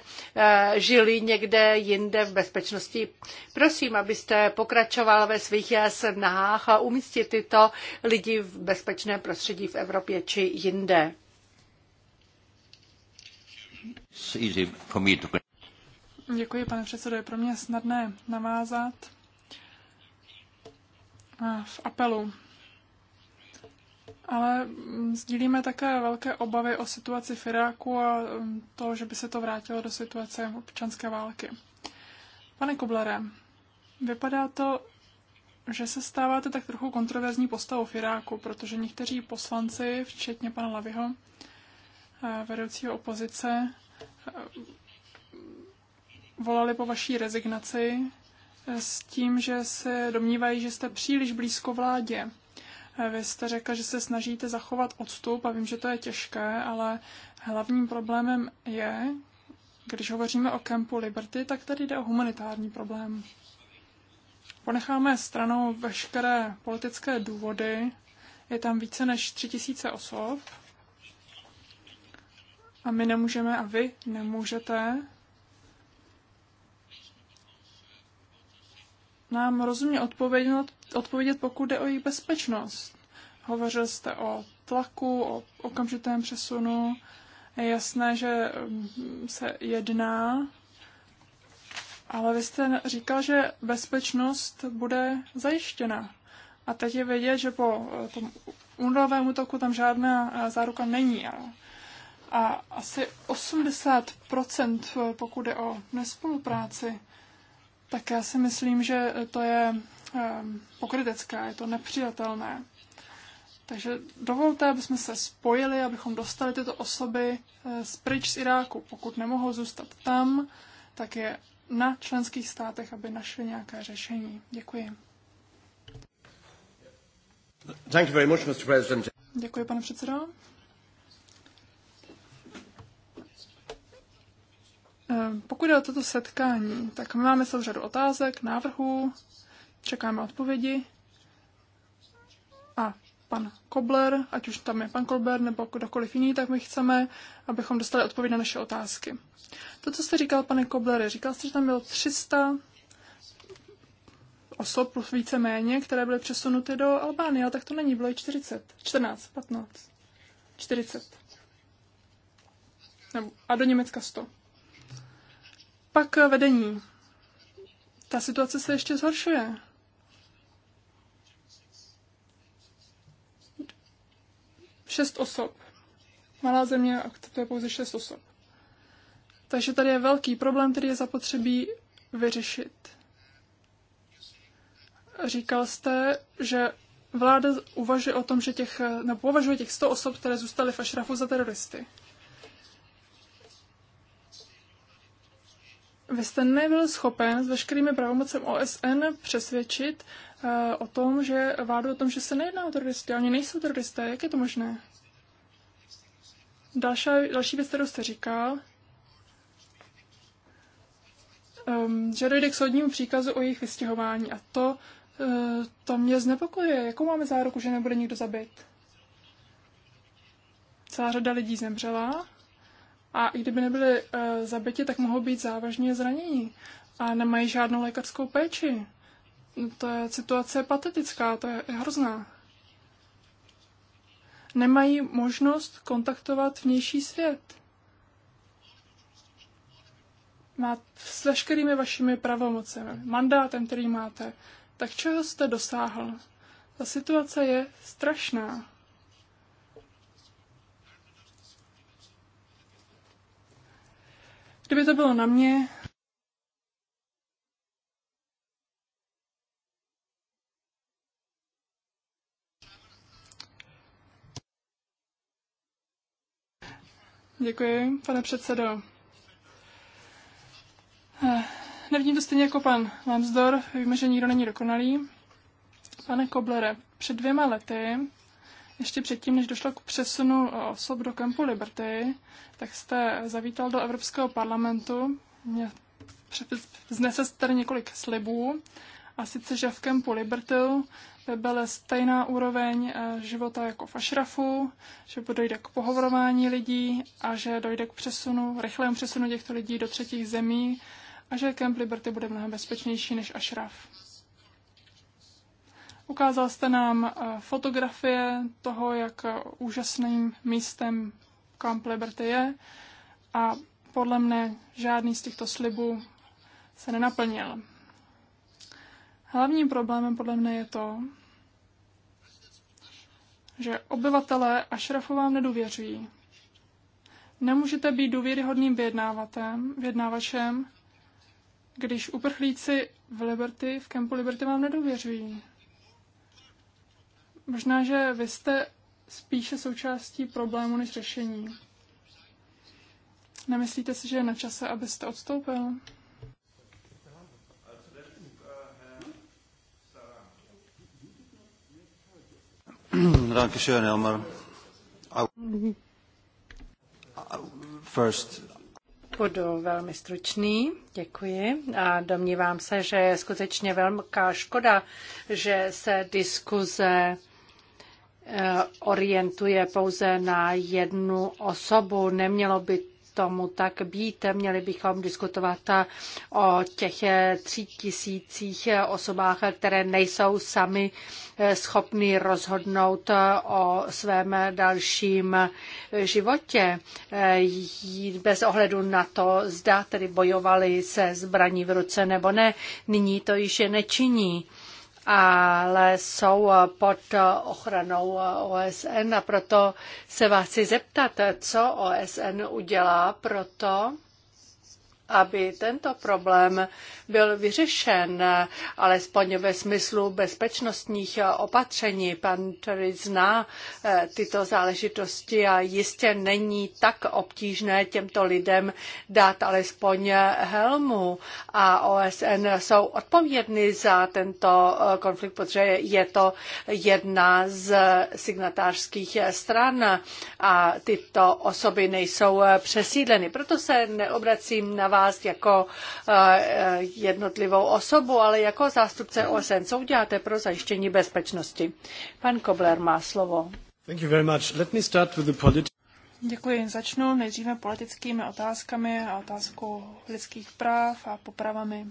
žili někde jinde v bezpečnosti. Prosím, abyste pokračoval ve svých snahách umístit tyto lidi v bezpečné prostředí v Evropě či jinde. Děkuji, pane předsedo. Je pro mě snadné navázat v apelu. Ale sdílíme také velké obavy o situaci v Iráku a to, že by se to vrátilo do situace občanské války. Pane Kublere, vypadá to, že se stáváte tak trochu kontroverzní postavou v Iráku, protože někteří poslanci, včetně pana Laviho, eh, vedoucího opozice, eh, volali po vaší rezignaci eh, s tím, že se domnívají, že jste příliš blízko vládě. Vy jste řekl, že se snažíte zachovat odstup a vím, že to je těžké, ale hlavním problémem je, když hovoříme o kempu Liberty, tak tady jde o humanitární problém ponecháme stranou veškeré politické důvody, je tam více než 3000 osob a my nemůžeme a vy nemůžete nám rozumně odpovědět, odpovědět, pokud jde o jejich bezpečnost. Hovořil jste o tlaku, o okamžitém přesunu. Je jasné, že mm, se jedná ale vy jste říkal, že bezpečnost bude zajištěna. A teď je vědět, že po eh, tom únorovém útoku tam žádná eh, záruka není. a asi 80%, eh, pokud je o nespolupráci, tak já si myslím, že to je ehm, pokrytecké, je to nepřijatelné. Takže dovolte, abychom se spojili, abychom dostali tyto osoby z pryč z Iráku. Pokud nemohou zůstat tam, tak je na členských státech, aby našli nějaké řešení. Děkuji. Thank you very much, Mr. President. Děkuji, pane předsedo. Ehm, pokud je o toto setkání, tak my máme celou řadu otázek, návrhů, čekáme odpovědi pan Kobler, ať už tam je pan Kobler nebo kdokoliv jiný, tak my chceme, abychom dostali odpověď na naše otázky. To, co jste říkal, pane Kobler, říkal jste, že tam bylo 300 osob plus více méně, které byly přesunuty do Albánie, ale tak to není, bylo i 40, 14, 15, 40. Nebo, a do Německa 100. Pak vedení. Ta situace se ještě zhoršuje. šest osob. Malá země akceptuje pouze šest osob. Takže tady je velký problém, který je zapotřebí vyřešit. Říkal jste, že vláda uvažuje o tom, že těch, nebo považuje těch 100 osob, které zůstaly v Ašrafu za teroristy. Vy jste nebyl schopen s veškerými pravomocem OSN přesvědčit Eh, o tom, že vádu o tom, že se nejedná o teroristy, ale nejsou teroristé. Jak je to možné? Další, další věc, kterou jste říkal, um, že dojde k soudnímu příkazu o jejich vystěhování. A to, uh, to mě znepokojuje. Jakou máme záruku, že nebude nikdo zabit? Celá řada lidí zemřela a i kdyby nebyly uh, eh, zabiti, tak mohou být závažně zranění a nemají žádnou lékařskou péči to je situace patetická, to je hrozná. Nemají možnost kontaktovat vnější svět. Má, s veškerými vašimi pravomocemi, mandátem, který máte, tak čeho jste dosáhl? Ta situace je strašná. Kdyby to bylo na mě, Děkuji, pane předsedo. Eh, Nevidím to stejně jako pan Lansdor, víme, že nikdo není dokonalý. Pane Koblere, před dvěma lety, ještě předtím, než došlo k přesunu osob do kampu Liberty, tak jste zavítal do Evropského parlamentu, vznesl jste několik slibů a sice, že v kempu Liberty by byla stejná úroveň eh, života jako v Ašrafu, že dojde k pohovorování lidí a že dojde k přesunu, rychlému přesunu těchto lidí do třetích zemí a že Camp Liberty bude mnohem bezpečnější než Ashraf. Ukázal jste nám eh, fotografie toho, jak eh, úžasným místem Camp Liberty je a podle mne žádný z těchto slibů se nenaplnil. Hlavním problémem podle mne je to, že obyvatelé a šrafu vám nedůvěřují. Nemůžete být důvěryhodným vyjednávačem, když uprchlíci v Liberty, v kempu Liberty vám nedůvěřují. Možná, že vy jste spíše součástí problému než řešení. Nemyslíte si, že je na čase, abyste odstoupil? Dankeschön, Elmar. Mhm. First. Budu velmi stručný, děkuji. A domnívám se, že je skutečně velká škoda, že se diskuze eh, orientuje pouze na jednu osobu. Nemělo by tomu tak být. Měli bychom diskutovat o těch tří tisících osobách, které nejsou sami schopny rozhodnout o svém dalším životě. Bez ohledu na to, zda tedy bojovali se zbraní v ruce nebo ne, nyní to již nečiní ale jsou eh, pod eh, ochranou eh, OSN a proto se vás chci zeptat, co OSN udělá pro to, aby tento problém byl vyřešen, alespoň ve smyslu bezpečnostních opatření. Pan Terry zná eh, tyto záležitosti a jistě není tak obtížné těmto lidem dát alespoň helmu. A OSN jsou odpovědny za tento eh, konflikt, protože je to jedna z signatářských stran a tyto osoby nejsou eh, přesídleny. Proto se neobracím na vás vás jako eh, eh, jednotlivou osobu, ale jako zástupce OSN. Co uděláte pro zajištění bezpečnosti? Pan Kobler má slovo. Thank you very much. Let me start with the politi- Děkuji. Začnu nejdříve politickými otázkami a otázkou lidských práv a popravami.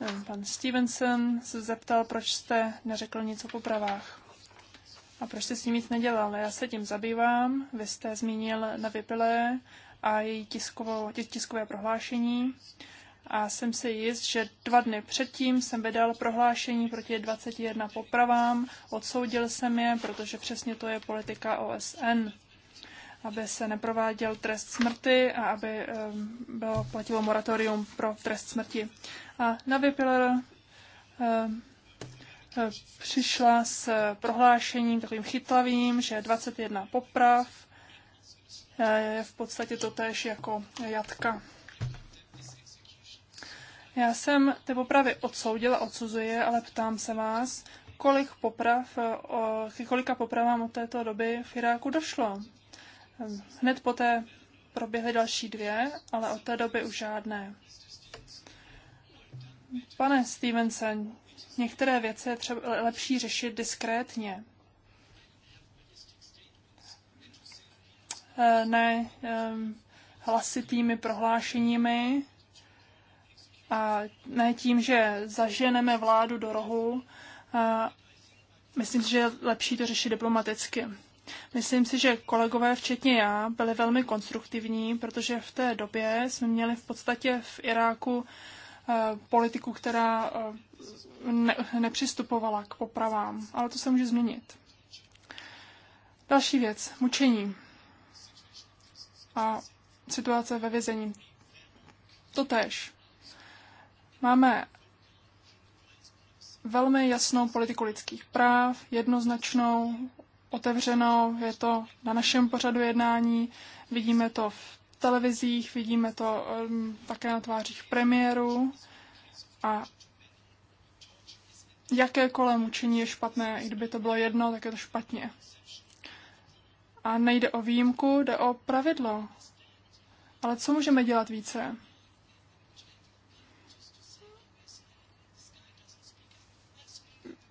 Ehm, pan Stevenson se zeptal, proč jste neřekl nic o popravách. A proč jste s ním nic nedělal? Já se tím zabývám. Vy jste zmínil na Vypilé a její tiskové tiskové prohlášení. A jsem si jist, že dva dny předtím jsem vydal prohlášení proti 21 popravám, odsoudil jsem je, protože přesně to je politika OSN aby se neprováděl trest smrti a aby ehm, bylo platilo moratorium pro trest smrti. A Navi um, ehm, e, přišla s prohlášením takovým chytlavým, že 21 poprav Eh, je v podstatě to též jako jatka. Já jsem ty popravy odsoudila, odsuzuje, ale ptám se vás, kolik poprav, eh, kolika popravám od této doby v Iráku došlo. Hned poté proběhly další dvě, ale od té doby už žádné. Pane Stevenson, některé věci je třeba lepší řešit diskrétně. Eh, ne eh, hlasitými prohlášeními a ne tím, že zaženeme vládu do rohu. Myslím si, že je lepší to řešit diplomaticky. Myslím si, že kolegové, včetně já, byli velmi konstruktivní, protože v té době jsme měli v podstatě v Iráku eh, politiku, která ne, nepřistupovala k popravám, ale to se může změnit. Další věc, mučení a situace ve vězení. To tež. Máme velmi jasnou politiku lidských práv, jednoznačnou, otevřenou, je to na našem pořadu jednání, vidíme to v televizích, vidíme to um, také na tvářích premiéru a jakékoliv mučení je špatné, i kdyby to bylo jedno, tak je to špatně. A nejde o výjimku, jde o pravidlo. Ale co můžeme dělat více?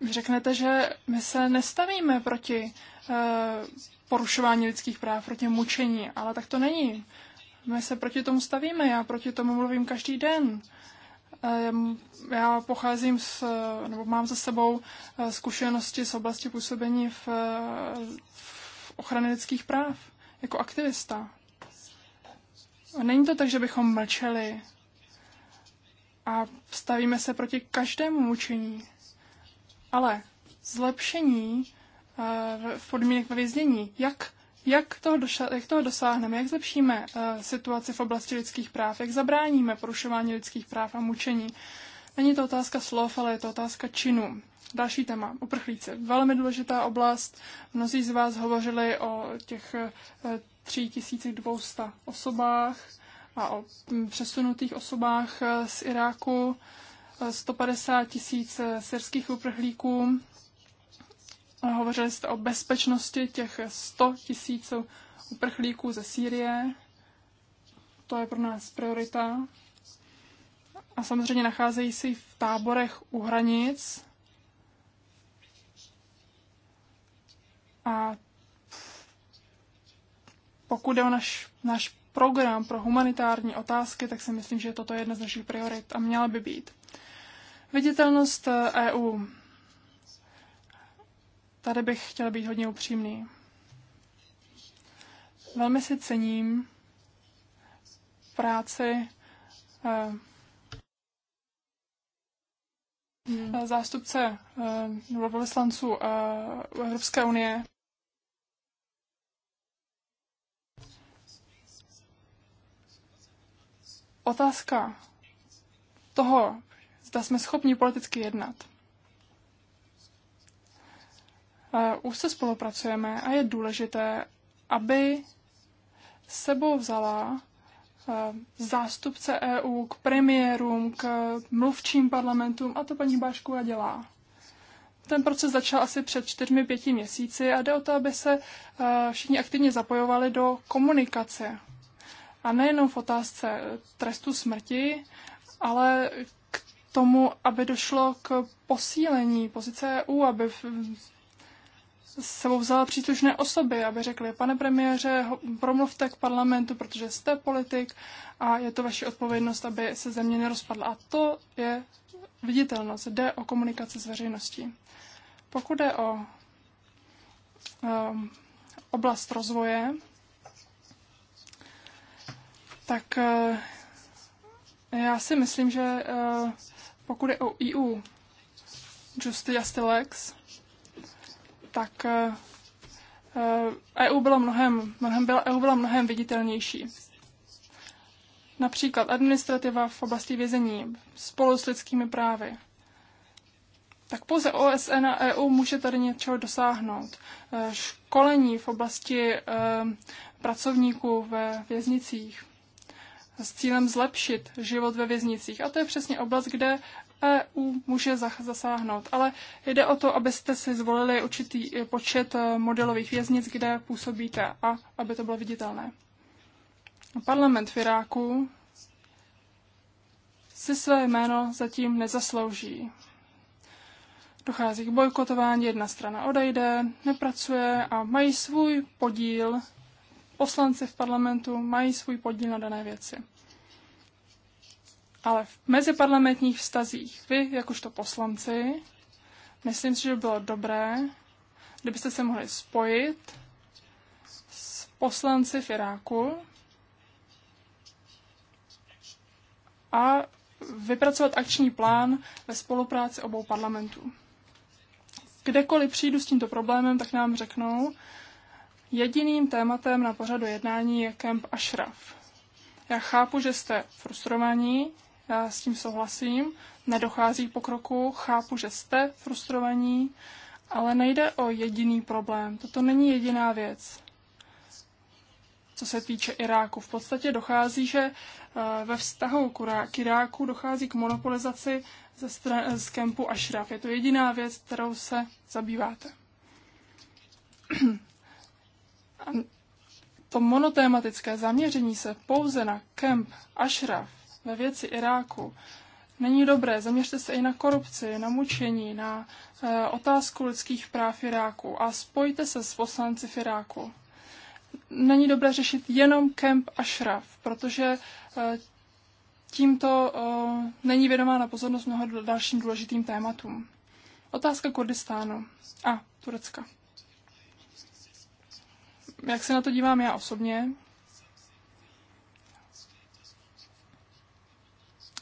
Řeknete, že my se nestavíme proti eh, porušování lidských práv, proti mučení, ale tak to není. My se proti tomu stavíme, já proti tomu mluvím každý den. Eh, já pocházím s, nebo mám za sebou eh, zkušenosti z oblasti působení v, v ochrany lidských práv, jako aktivista. A není to tak, že bychom mlčeli a stavíme se proti každému mučení. Ale zlepšení eh, v podmínek ve věznění, jak, jak, toho doša- jak toho dosáhneme, jak zlepšíme eh, situaci v oblasti lidských práv, jak zabráníme porušování lidských práv a mučení. Není to otázka slov, ale je to otázka činů. Další téma, uprchlíci. Velmi důležitá oblast. Mnozí z vás hovořili o těch 3200 eh, osobách a o mm, přesunutých osobách eh, z Iráku, 150 eh, tisíc syrských uprchlíků. Hovořili jste o bezpečnosti těch 100 tisíc uprchlíků ze Sýrie. To je pro nás priorita. A samozřejmě nacházejí se v táborech u hranic A pokud je o naš, náš program pro humanitární otázky, tak si myslím, že toto je jedna z našich priorit a měla by být. Viditelnost EU. Eh, e Tady bych chtěla být hodně upřímný. Velmi si cením práci eh, hmm. zástupce nebo eh, vyslanců Evropské unie. otázka toho, zda jsme schopni politicky jednat. Eh, už se spolupracujeme a je důležité, aby sebou vzala eh, zástupce EU k premiérům, k mluvčím parlamentům a to paní Báškova dělá. Ten proces začal asi před čtyřmi, pěti měsíci a jde o to, aby se eh, všichni aktivně zapojovali do komunikace a nejenom v otázce trestu smrti, ale k tomu, aby došlo k posílení pozice EU, aby sebou vzala příslušné osoby, aby řekli, pane premiére, promluvte k parlamentu, protože jste politik a je to vaši odpovědnost, aby se země nerozpadla. A to je viditelnost. Jde o komunikaci s veřejností. Pokud jde o um, oblast rozvoje, tak eh, já si myslím, že eh, pokud je o EU Justice Justilex, tak EU eh, e byla mnohem, mnohem byla, EU byla mnohem viditelnější. Například administrativa v oblasti vězení spolu s lidskými právy. Tak pouze OSN a EU může tady něčeho dosáhnout. Školení v oblasti pracovníků ve věznicích s cílem zlepšit život ve věznicích. A to je přesně oblast, kde EU může zasáhnout. Ale jde o to, abyste si zvolili určitý eh, počet eh, modelových věznic, kde působíte a aby to bylo viditelné. Parlament v Iráku si své jméno zatím nezaslouží. Dochází k bojkotování, jedna strana odejde, nepracuje a mají svůj podíl, poslanci v parlamentu mají svůj podíl na dané věci. Ale v meziparlamentních vztazích, vy jakožto poslanci, myslím si, že by bylo dobré, kdybyste se mohli spojit s poslanci v Iráku a vypracovat akční plán ve spolupráci obou parlamentů. Kdekoliv přijdu s tímto problémem, tak nám řeknou, jediným tématem na pořadu jednání je kemp Ashraf. Já chápu, že jste frustrovaní, já s tím souhlasím. Nedochází po pokroku, chápu, že jste frustrovaní, ale nejde o jediný problém. Toto není jediná věc. Co se týče Iráku, v podstatě dochází, že eh, ve vztahu k Iráku dochází k monopolizaci ze stran- z kempu Ashraf. Je to jediná věc, kterou se zabýváte. A to monotématické zaměření se pouze na kemp Ashraf ve věci Iráku není dobré. Zaměřte se i na korupci, na mučení, na e, otázku lidských práv Iráku a spojte se s poslanci v Iráku. Není dobré řešit jenom kemp a šraf, protože e, tímto e, není vědomána pozornost mnoha dalším důležitým tématům. Otázka Kurdistánu a Turecka. Jak se na to dívám já osobně,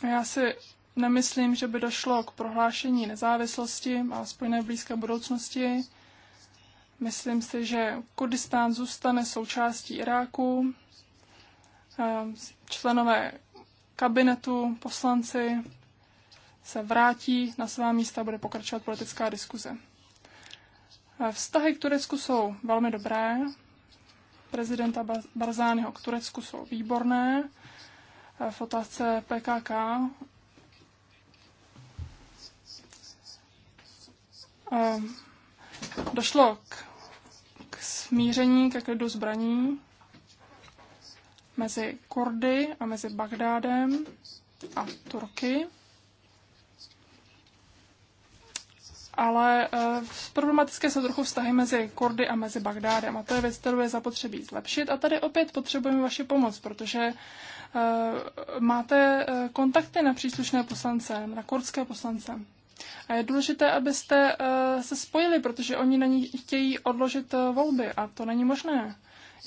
Já si nemyslím, že by došlo k prohlášení nezávislosti, alespoň ne v blízké budoucnosti. Myslím si, že Kurdistán zůstane součástí Iráku. Eh, členové kabinetu, poslanci se vrátí na svá místa a bude pokračovat politická diskuze. Eh, vztahy k Turecku jsou velmi dobré. Prezidenta Barzányho k Turecku jsou výborné v otázce PKK. Ehm, došlo k, k smíření, ke klidu zbraní mezi Kurdy a mezi Bagdádem a Turky. ale uh, problematické jsou trochu vztahy mezi Kurdy a mezi Bagdádem a to je věc, kterou je zapotřebí zlepšit a tady opět potřebujeme vaši pomoc, protože Eh, máte eh, kontakty na příslušné poslance, na kurdské poslance. A je důležité, abyste eh, se spojili, protože oni na ní chtějí odložit volby a to není možné.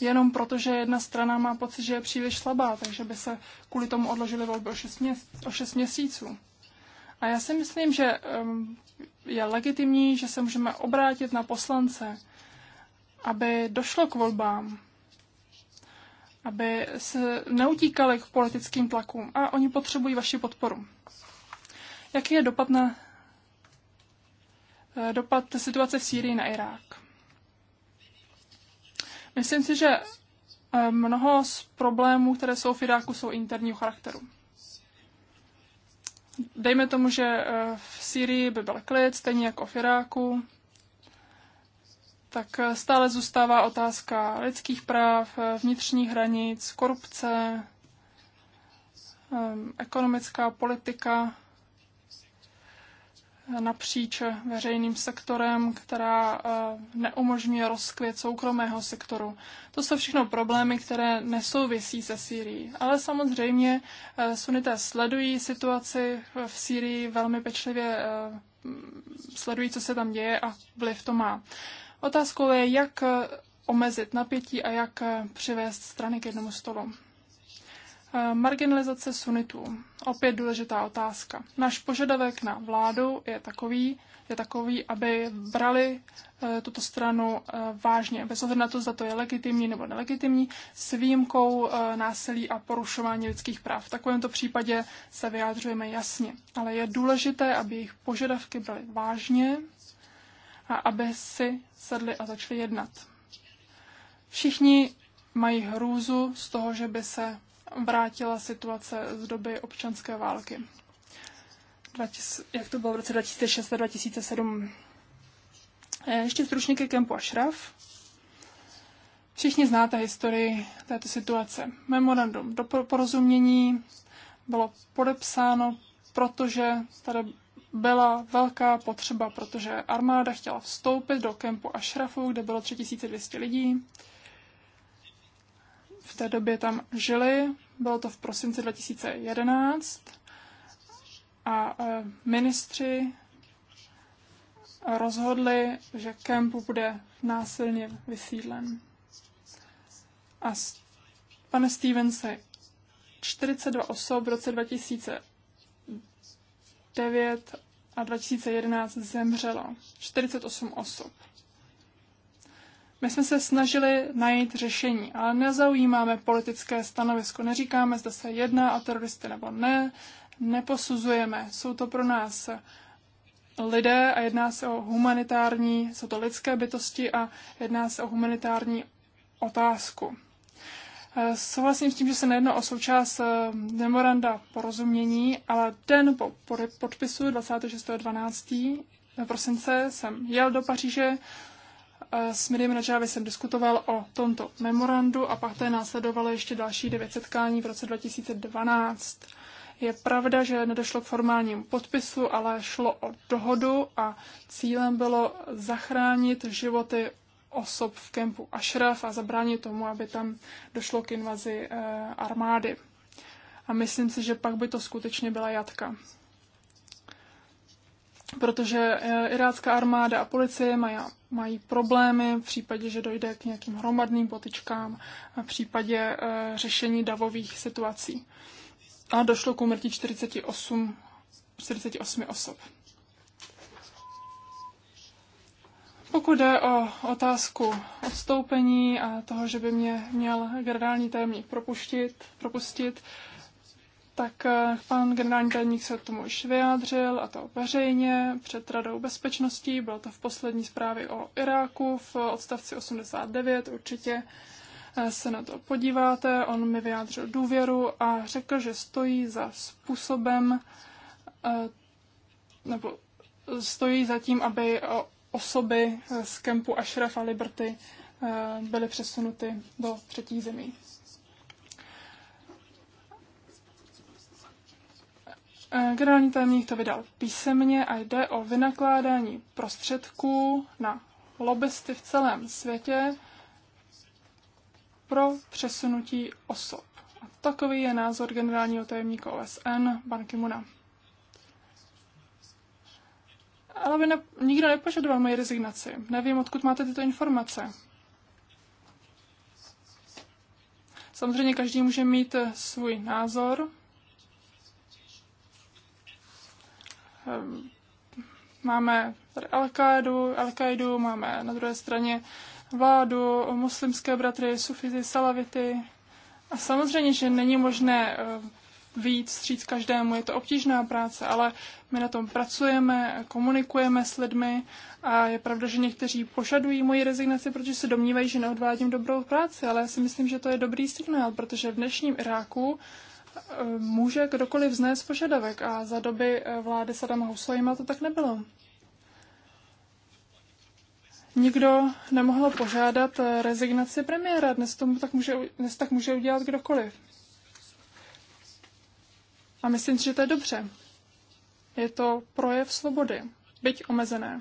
Jenom proto, že jedna strana má pocit, že je příliš slabá, takže by se kvůli tomu odložili volby o 6, měs- o měsíců. A já si myslím, že ehm, je legitimní, že se můžeme obrátit na poslance, aby došlo k volbám aby se neutíkali k politickým tlakům a oni potřebují vaši podporu. Jaký je dopad na eh, dopad situace v Sýrii na Irák? Myslím si, že eh, mnoho z problémů, které jsou v Iráku, jsou interního charakteru. Dejme tomu, že eh, v Sýrii by byl klid, stejně jako v Iráku tak eh, stále zůstává otázka lidských práv, eh, vnitřních hranic, korupce, eh, ekonomická politika napříč veřejným sektorem, která neumožňuje rozkvět soukromého sektoru. To jsou všechno problémy, které nesouvisí se Sýrií. Ale samozřejmě sunité sledují situaci v Sýrii velmi pečlivě sledují, co se tam děje a vliv to má. Otázkou je, jak eh, omezit napětí a jak eh, přivést strany k jednomu stolu. Eh, marginalizace sunitů. Opět důležitá otázka. Náš požadavek na vládu je takový, je takový, aby brali tuto stranu vážně, bez ohledu na to, zda to je legitimní nebo nelegitimní, s výjimkou násilí a porušování lidských práv. V takovémto případě se vyjádřujeme jasně, ale je důležité, aby jejich požadavky byly vážně a aby si sedli a začali jednat. Všichni mají hrůzu z toho, že by se vrátila situace z doby občanské války. jak to bylo v roce 2006 a 2007. Eh, ještě stručně ke kempu Ashraf. Všichni znáte historii této situace. Memorandum do porozumění bylo podepsáno, protože tady byla velká potřeba, protože armáda chtěla vstoupit do kempu Ashrafu, kde bylo 3200 lidí. V té době tam žili, bylo to v prosinci 2011 a e, ministři rozhodli, že kempu bude násilně vysídlen. A pane Stevense, 42 osob v roce 2000 2009 a 2011 zemřelo 48 osob. My jsme se snažili najít řešení, ale nezaujímáme politické stanovisko. Neříkáme, zda se jedná o teroristy nebo ne, neposuzujeme. Jsou to pro nás lidé a jedná se o humanitární, jsou to lidské bytosti a jedná se o humanitární otázku. Eh, souhlasím s tím, že se nejedná o součást eh, memoranda porozumění, ale den po podpisu 26.12. Eh, prosince jsem jel do Paříže. S Miriam Rajavy jsem diskutoval o tomto memorandu a pak té následovalo ještě další devět setkání v roce 2012. Je pravda, že nedošlo k formálnímu podpisu, ale šlo o dohodu a cílem bylo zachránit životy osob v kempu Ashraf a zabránit tomu, aby tam došlo k invazi eh, armády. A myslím si, že pak by to skutečně byla jatka. Protože eh, irácká armáda a policie mají, mají problémy v případě, že dojde k nějakým hromadným potičkám a v případě eh, řešení davových situací. A došlo k úmrtí 48, 48 osob. Pokud jde o otázku odstoupení a toho, že by mě měl generální tajemník propuštit, propustit, tak eh, pan generální tajemník se tomu už vyjádřil, a to veřejně, před Radou bezpečností, bylo to v poslední zprávě o Iráku v odstavci 89, určitě eh, se na to podíváte. On mi vyjádřil důvěru a řekl, že stojí za způsobem, eh, nebo stojí za tím, aby osoby z kempu Ashraf a Liberty eh, byly přesunuty do třetí zemí. Eh, generální tajemník to vydal písemně a jde o vynakládání prostředků na lobbysty v celém světě pro přesunutí osob. A takový je názor generálního tajemníka OSN Ban Ki-muna. Ale by ne, nikdo nepožadoval moji rezignaci. Nevím, odkud máte tyto informace. Samozřejmě každý může mít eh, svůj názor. Ehm, máme tady Al-Qaidu, Al-Qaidu, máme na druhé straně vládu, muslimské bratry, sufity, salavity. A samozřejmě, že není možné ehm, víc říct každému. Je to obtížná práce, ale my na tom pracujeme, komunikujeme s lidmi a je pravda, že někteří požadují moji rezignaci, protože se domnívají, že neodvádím dobrou práci, ale já si myslím, že to je dobrý signál, protože v dnešním Iráku eh, může kdokoliv vznést požadavek a za doby eh, vlády Sadama Husajma to tak nebylo. Nikdo nemohl požádat eh, rezignaci premiéra, dnes, tomu tak může, dnes tak může udělat kdokoliv. A myslím si, že to je dobře. Je to projev svobody, byť omezené.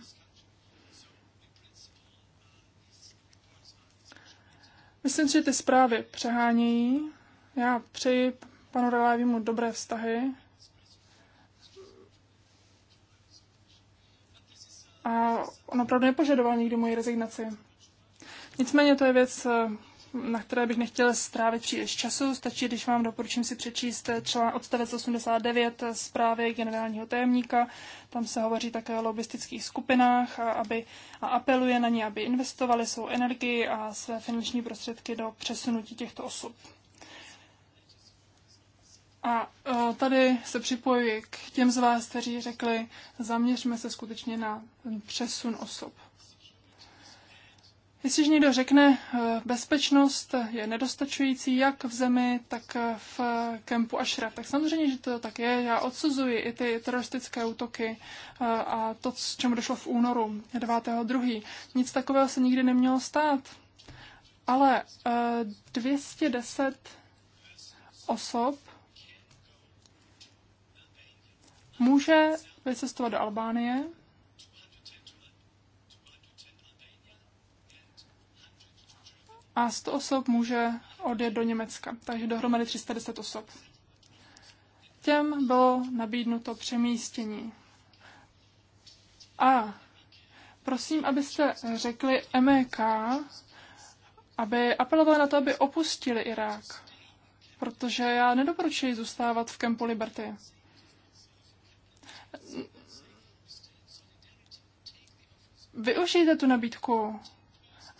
Myslím si, že ty zprávy přehánějí. Já přeji panu Relávimu dobré vztahy. A on opravdu nepožadoval nikdy moji rezignaci. Nicméně to je věc, eh, na které bych nechtěl strávit příliš času. Stačí, když vám doporučím si přečíst člán odstavec 89 zprávy generálního tajemníka. Tam se hovoří také o lobistických skupinách a, aby, a apeluje na ně, aby investovali svou energii a své finanční prostředky do přesunutí těchto osob. A e, tady se připojuji k těm z vás, kteří řekli, zaměřme se skutečně na přesun osob. Jestliže někdo řekne, eh, bezpečnost je nedostačující jak v zemi, tak eh, v kempu Ashraf, tak samozřejmě, že to tak je. Já odsuzuji i ty teroristické útoky eh, a to, s čemu došlo v únoru 9.2. Nic takového se nikdy nemělo stát. Ale 210 osob může vycestovat do Albánie, a 100 osob může odjet do Německa, takže dohromady 310 osob. Těm bylo nabídnuto přemístění. A prosím, abyste řekli MEK, aby apelovali na to, aby opustili Irák, protože já nedoporučuji zůstávat v kempu Liberty. Využijte tu nabídku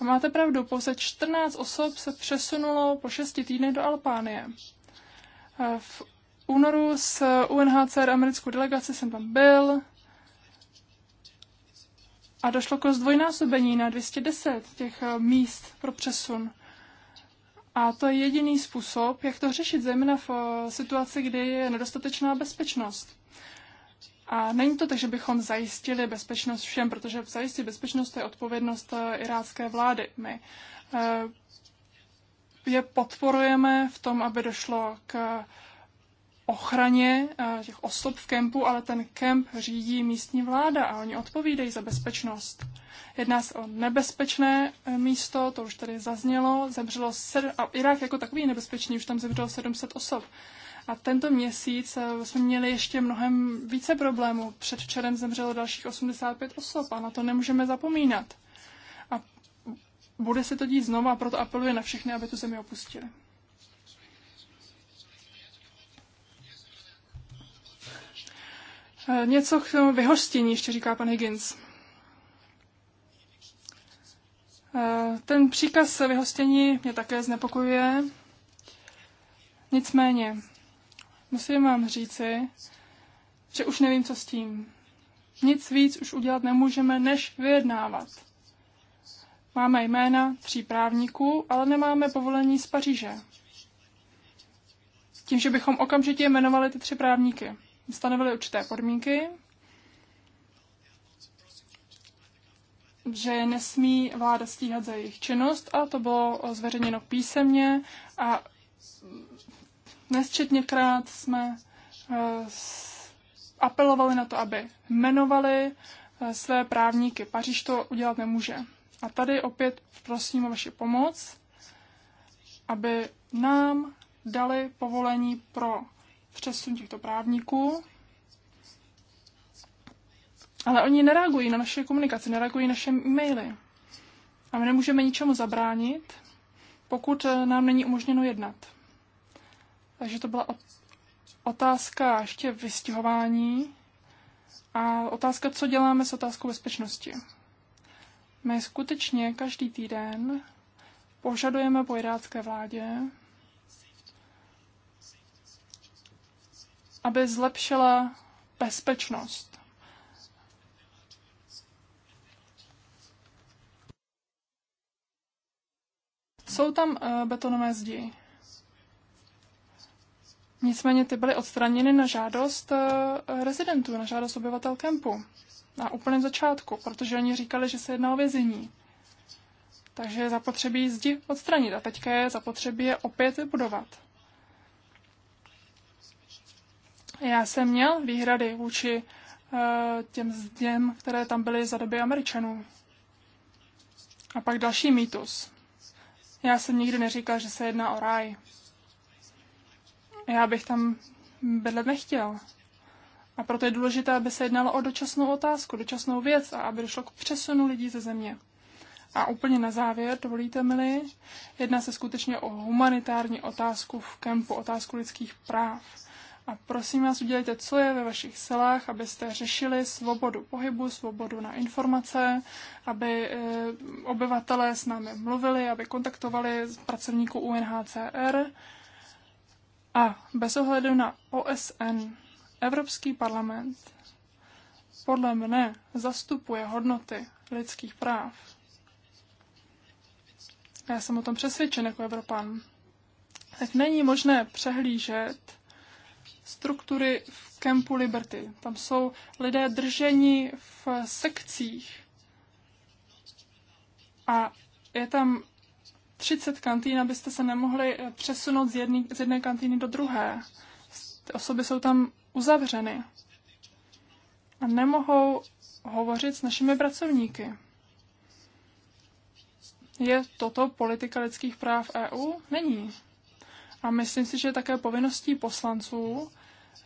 a máte pravdu, pouze 14 osob se přesunulo po 6 týdnech do Albánie. V únoru s UNHCR americkou delegaci jsem tam byl a došlo k zdvojnásobení na 210 těch eh, míst pro přesun. A to je jediný způsob, jak to řešit, zejména v eh, situaci, kdy je nedostatečná bezpečnost. A není to tak, že bychom zajistili bezpečnost všem, protože zajistit bezpečnost je odpovědnost eh, irácké vlády. My eh, je podporujeme v tom, aby došlo k ochraně eh, těch osob v kempu, ale ten kemp řídí místní vláda a oni odpovídají za bezpečnost. Jedná se o nebezpečné místo, to už tady zaznělo, zemřelo sed... a Irák jako takový je nebezpečný, už tam zemřelo 700 osob. A tento měsíc eh, jsme měli ještě mnohem více problémů. Předvčerem zemřelo dalších 85 osob a na to nemůžeme zapomínat. A bude se to dít znovu a proto apeluje na všechny, aby tu zemi opustili. Eh, něco k tomu ještě říká pan Higgins. Eh, ten příkaz vyhostění mě také znepokojuje. Nicméně, musím vám říci, že už nevím, co s tím. Nic víc už udělat nemůžeme, než vyjednávat. Máme jména tří právníků, ale nemáme povolení z Paříže. Tím, že bychom okamžitě jmenovali ty tři právníky. Stanovili určité podmínky, že nesmí vláda stíhat za jejich činnost a to bylo zveřejněno písemně a Nesčetněkrát jsme eh, apelovali na to, aby jmenovali eh, své právníky. Paříž to udělat nemůže. A tady opět prosím o vaši pomoc, aby nám dali povolení pro přesun těchto právníků. Ale oni nereagují na naše komunikaci, nereagují na naše e-maily. A my nemůžeme ničemu zabránit, pokud eh, nám není umožněno jednat. Takže to byla otázka ještě vystěhování a otázka, co děláme s otázkou bezpečnosti. My skutečně každý týden požadujeme po irácké vládě, aby zlepšila bezpečnost. Jsou tam eh, betonové zdi. Nicméně ty byly odstraněny na žádost eh, rezidentů, na žádost obyvatel kempu. Na úplném začátku, protože oni říkali, že se jedná o vězení. Takže je zapotřebí zdi odstranit a teďka je zapotřebí je opět vybudovat. Já jsem měl výhrady vůči eh, těm zděm, které tam byly za doby Američanů. A pak další mýtus. Já jsem nikdy neříkal, že se jedná o ráj. Já bych tam bydlet nechtěl. A proto je důležité, aby se jednalo o dočasnou otázku, dočasnou věc a aby došlo k přesunu lidí ze země. A úplně na závěr, dovolíte mi, jedná se skutečně o humanitární otázku v kempu, otázku lidských práv. A prosím vás, udělejte, co je ve vašich silách, abyste řešili svobodu pohybu, svobodu na informace, aby eh, obyvatelé s námi mluvili, aby kontaktovali pracovníků UNHCR, a bez ohledu na OSN, Evropský parlament podle mne zastupuje hodnoty lidských práv. Já jsem o tom přesvědčen jako Evropan. Tak není možné přehlížet struktury v kempu Liberty. Tam jsou lidé drženi v sekcích a je tam 30 kantýn, abyste se nemohli eh, přesunout z, jedný, z jedné kantýny do druhé. Ty osoby jsou tam uzavřeny a nemohou hovořit s našimi pracovníky. Je toto politika lidských práv EU? Není. A myslím si, že je také povinností poslanců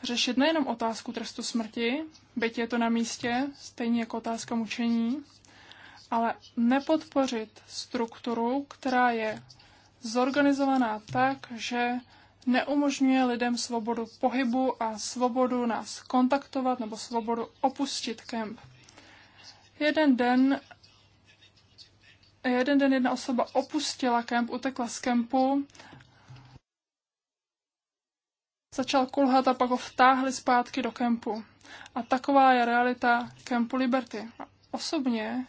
řešit nejenom otázku trestu smrti, byť je to na místě, stejně jako otázka mučení, ale nepodpořit strukturu, která je zorganizovaná tak, že neumožňuje lidem svobodu pohybu a svobodu nás kontaktovat nebo svobodu opustit kemp. Jeden den, jeden den jedna osoba opustila kemp, utekla z kempu, začal kulhat a pak ho vtáhli zpátky do kempu. A taková je realita kempu Liberty. osobně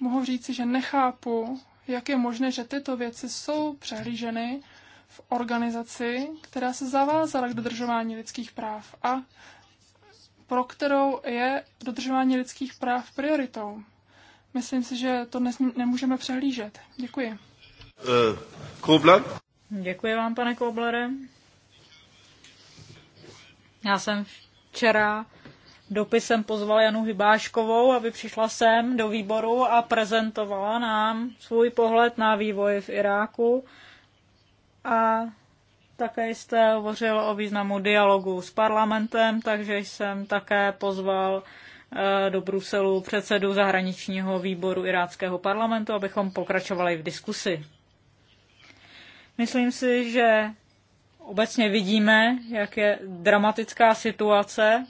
mohu říci, že nechápu, jak je možné, že tyto věci jsou přehlíženy v organizaci, která se zavázala k dodržování lidských práv a pro kterou je dodržování lidských práv prioritou. Myslím si, že to ne- nemůžeme přehlížet. Děkuji. Eh, Kobler? Děkuji vám, pane Koblere. Já jsem včera dopisem pozval Janu Hybáškovou, aby přišla sem do výboru a prezentovala nám svůj pohled na vývoj v Iráku. A také jste hovořil o významu dialogu s parlamentem, takže jsem také pozval eh, do Bruselu předsedu zahraničního výboru iráckého parlamentu, abychom pokračovali v diskusi. Myslím si, že obecně vidíme, jak je dramatická situace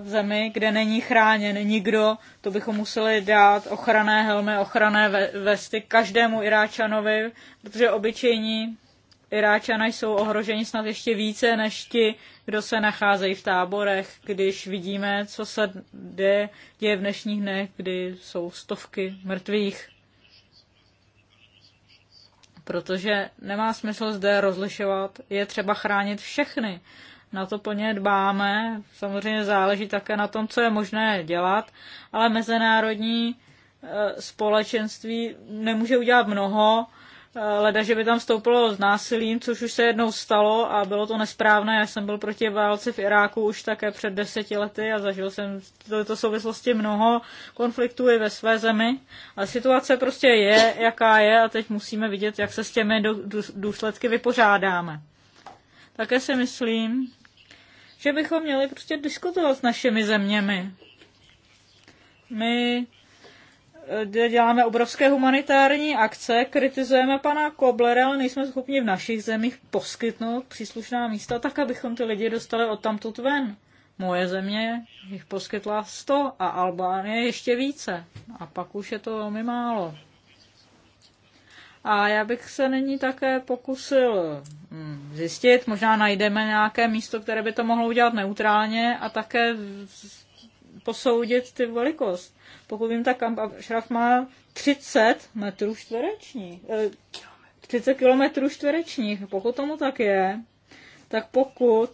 v zemi, kde není chráněn nikdo. To bychom museli dát ochranné helmy, ochranné vesty každému Iráčanovi, protože obyčejní iráčané jsou ohroženi snad ještě více než ti, kdo se nacházejí v táborech, když vidíme, co se děje, děje v dnešních dnech, kdy jsou stovky mrtvých. Protože nemá smysl zde rozlišovat, je třeba chránit všechny na to plně dbáme. Samozřejmě záleží také na tom, co je možné dělat, ale mezinárodní e, společenství nemůže udělat mnoho, e, leda, že by tam vstoupilo s násilím, což už se jednou stalo a bylo to nesprávné. Já jsem byl proti válce v Iráku už také před deseti lety a zažil jsem v této souvislosti mnoho konfliktů i ve své zemi. A situace prostě je, jaká je a teď musíme vidět, jak se s těmi důsledky vypořádáme. Také si myslím, že bychom měli prostě diskutovat s našimi zeměmi. My eh, děláme obrovské humanitární akce, kritizujeme pana Koblera, ale nejsme schopni v našich zemích poskytnout příslušná místa tak, abychom ty lidi dostali od tamtud ven. Moje země jich poskytla 100 a Albánie ještě více. A pak už je to velmi málo. A já bych se nyní také pokusil hm, zjistit, možná najdeme nějaké místo, které by to mohlo udělat neutrálně a také posoudit ty velikost. Pokud vím, tak šraf má 30 metrů čtverečních. Eh, 30 kilometrů čtverečních. Pokud tomu tak je, tak pokud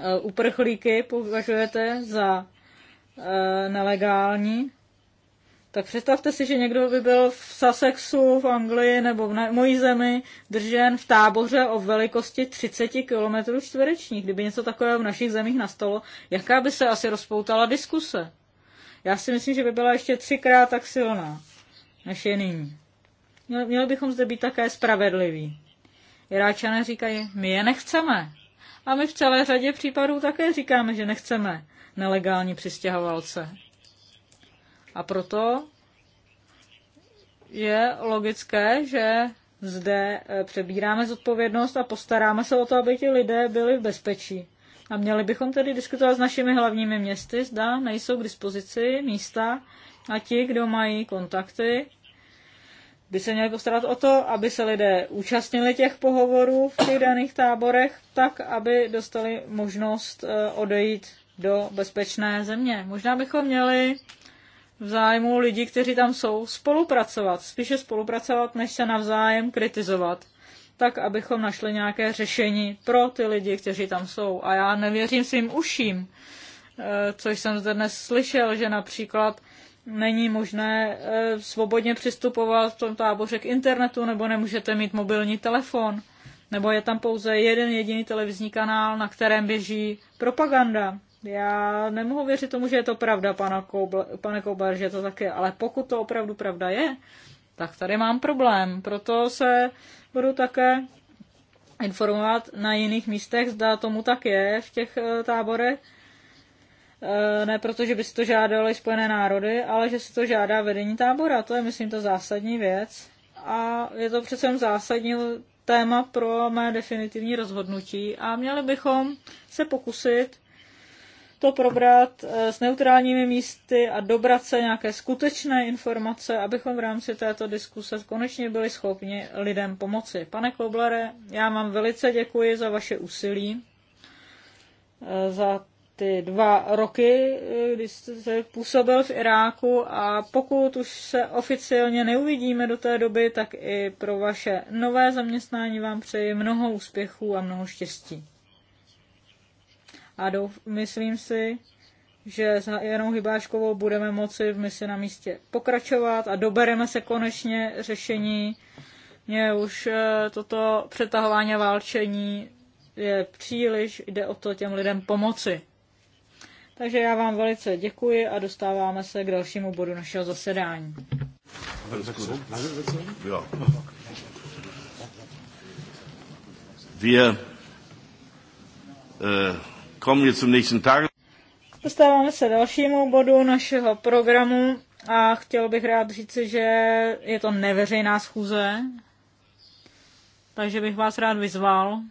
eh, uprchlíky považujete za eh, nelegální, tak představte si, že někdo by byl v Sussexu v Anglii nebo v mojí zemi držen v táboře o velikosti 30 km čtverečních. Kdyby něco takového v našich zemích nastalo, jaká by se asi rozpoutala diskuse? Já si myslím, že by byla ještě třikrát tak silná, než je nyní. Měli bychom zde být také spravedliví. Iráčané říkají, my je nechceme. A my v celé řadě případů také říkáme, že nechceme nelegální přistěhovalce. A proto je logické, že zde eh, přebíráme zodpovědnost a postaráme se o to, aby ti lidé byli v bezpečí. A měli bychom tedy diskutovat s našimi hlavními městy, zda nejsou k dispozici místa a ti, kdo mají kontakty, by se měli postarat o to, aby se lidé účastnili těch pohovorů v těch daných táborech, tak aby dostali možnost eh, odejít do bezpečné země. Možná bychom měli v zájmu lidí, kteří tam jsou, spolupracovat. Spíše spolupracovat, než se navzájem kritizovat. Tak, abychom našli nějaké řešení pro ty lidi, kteří tam jsou. A já nevěřím svým uším, eh, což jsem zde dnes slyšel, že například není možné eh, svobodně přistupovat v tom táboře k internetu, nebo nemůžete mít mobilní telefon, nebo je tam pouze jeden jediný televizní kanál, na kterém běží propaganda. Já nemohu věřit tomu, že je to pravda, pana Koubl, pane Koubler, že to tak je, ale pokud to opravdu pravda je, tak tady mám problém. Proto se budu také informovat na jiných místech, zda tomu tak je v těch eh, táborech. Eh, ne proto, že by si to žádali Spojené národy, ale že si to žádá vedení tábora. To je, myslím, ta zásadní věc. A je to přece zásadní téma pro mé definitivní rozhodnutí a měli bychom se pokusit to probrat eh, s neutrálními místy a dobrat se nějaké skutečné informace, abychom v rámci této diskuse konečně byli schopni lidem pomoci. Pane Koblere, já vám velice děkuji za vaše úsilí, eh, za ty dva roky, eh, kdy jste působil v Iráku a pokud už se oficiálně neuvidíme do té doby, tak i pro vaše nové zaměstnání vám přeji mnoho úspěchů a mnoho štěstí a douf, myslím si, že s Janou Hybáškovou budeme moci v misi na místě pokračovat a dobereme se konečně řešení. Mně už eh, toto přetahování a válčení je příliš, jde o to těm lidem pomoci. Takže já vám velice děkuji a dostáváme se k dalšímu bodu našeho zasedání. Wir äh, Dostáváme se dalšímu bodu našeho programu a chtěl bych rád říci, že je to neveřejná schůze, takže bych vás rád vyzval,